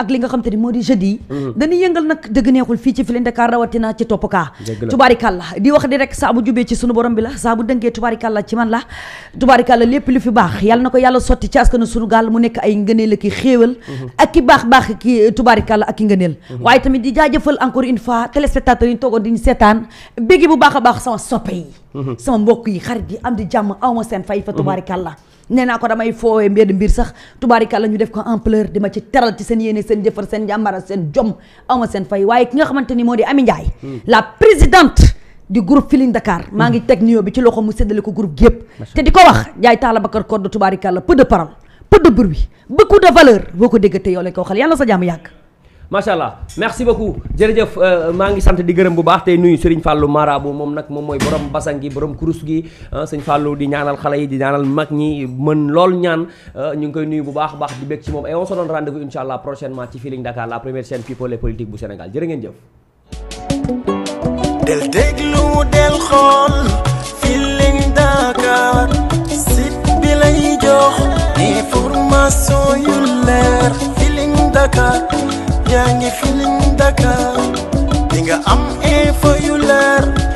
euh, di jeudi mm. nag dëgg neexul fii ci Feeling Dakar rawatina ci toppkaa tubaarikàlla di wax di rek saa jubee ci sunu borom bi la saa bu dëngee tubaarikàlla ci man la tubaarikàlla lépp lu fi baax yàlla na ko yàlla sotti ci askanu sunu gaal mu nekk ay ngëneel ak i mm-hmm. ak ki baax baax ki tubaarikàlla ak i ngëneel mm-hmm. téléspectateurs yi ñu toogoon di ñu seetaan béggi bu baax a baax sama soppe yi mhm. sama mbokk yi xarit yi am di jàmm awma seen fay fa mhm. tubaarikàlla nee naa ko damay foowee mbedd mbir sax la ñu def ko ampleur di ma ci teral ci seen yéene seen jëfar seen jàmbara seen jom awma seen fay waaye ki nga xamante ni moo di Ami Ndiaye mhm. la présidente du groupe Feeling Dakar maa ngi teg nuyoo bi ci loxo mu séddale ko groupe gépp te di ko wax Ndiaye Talla Bakar Koddo tubaarikàlla peu de parole peu de ko déggatee yow lañ ko sa jàmm yàgg macha allah merci beaucoup jërëjëf euh, maa ngi sant di gërëm bu baax tey nuyu Serigne fàllu Marabu moom nag moom mooy borom basang gi borom kurus gi ah, sëñ Fallou di ñaanal xale yi di ñaanal mag ñi mën lool ñaan ah, ñu ngi koy nuyu bu baax baax di bég ci moom et on se donne rendez-vous incha allah prochainement ci Feeling Dakar la première chaîne people et politique bu Sénégal jërë ngeen jëf. del déglu del xool Feeling Dakar site bi lay jox information yu leer Feeling yaa ngi Dakar di nga am info yu leer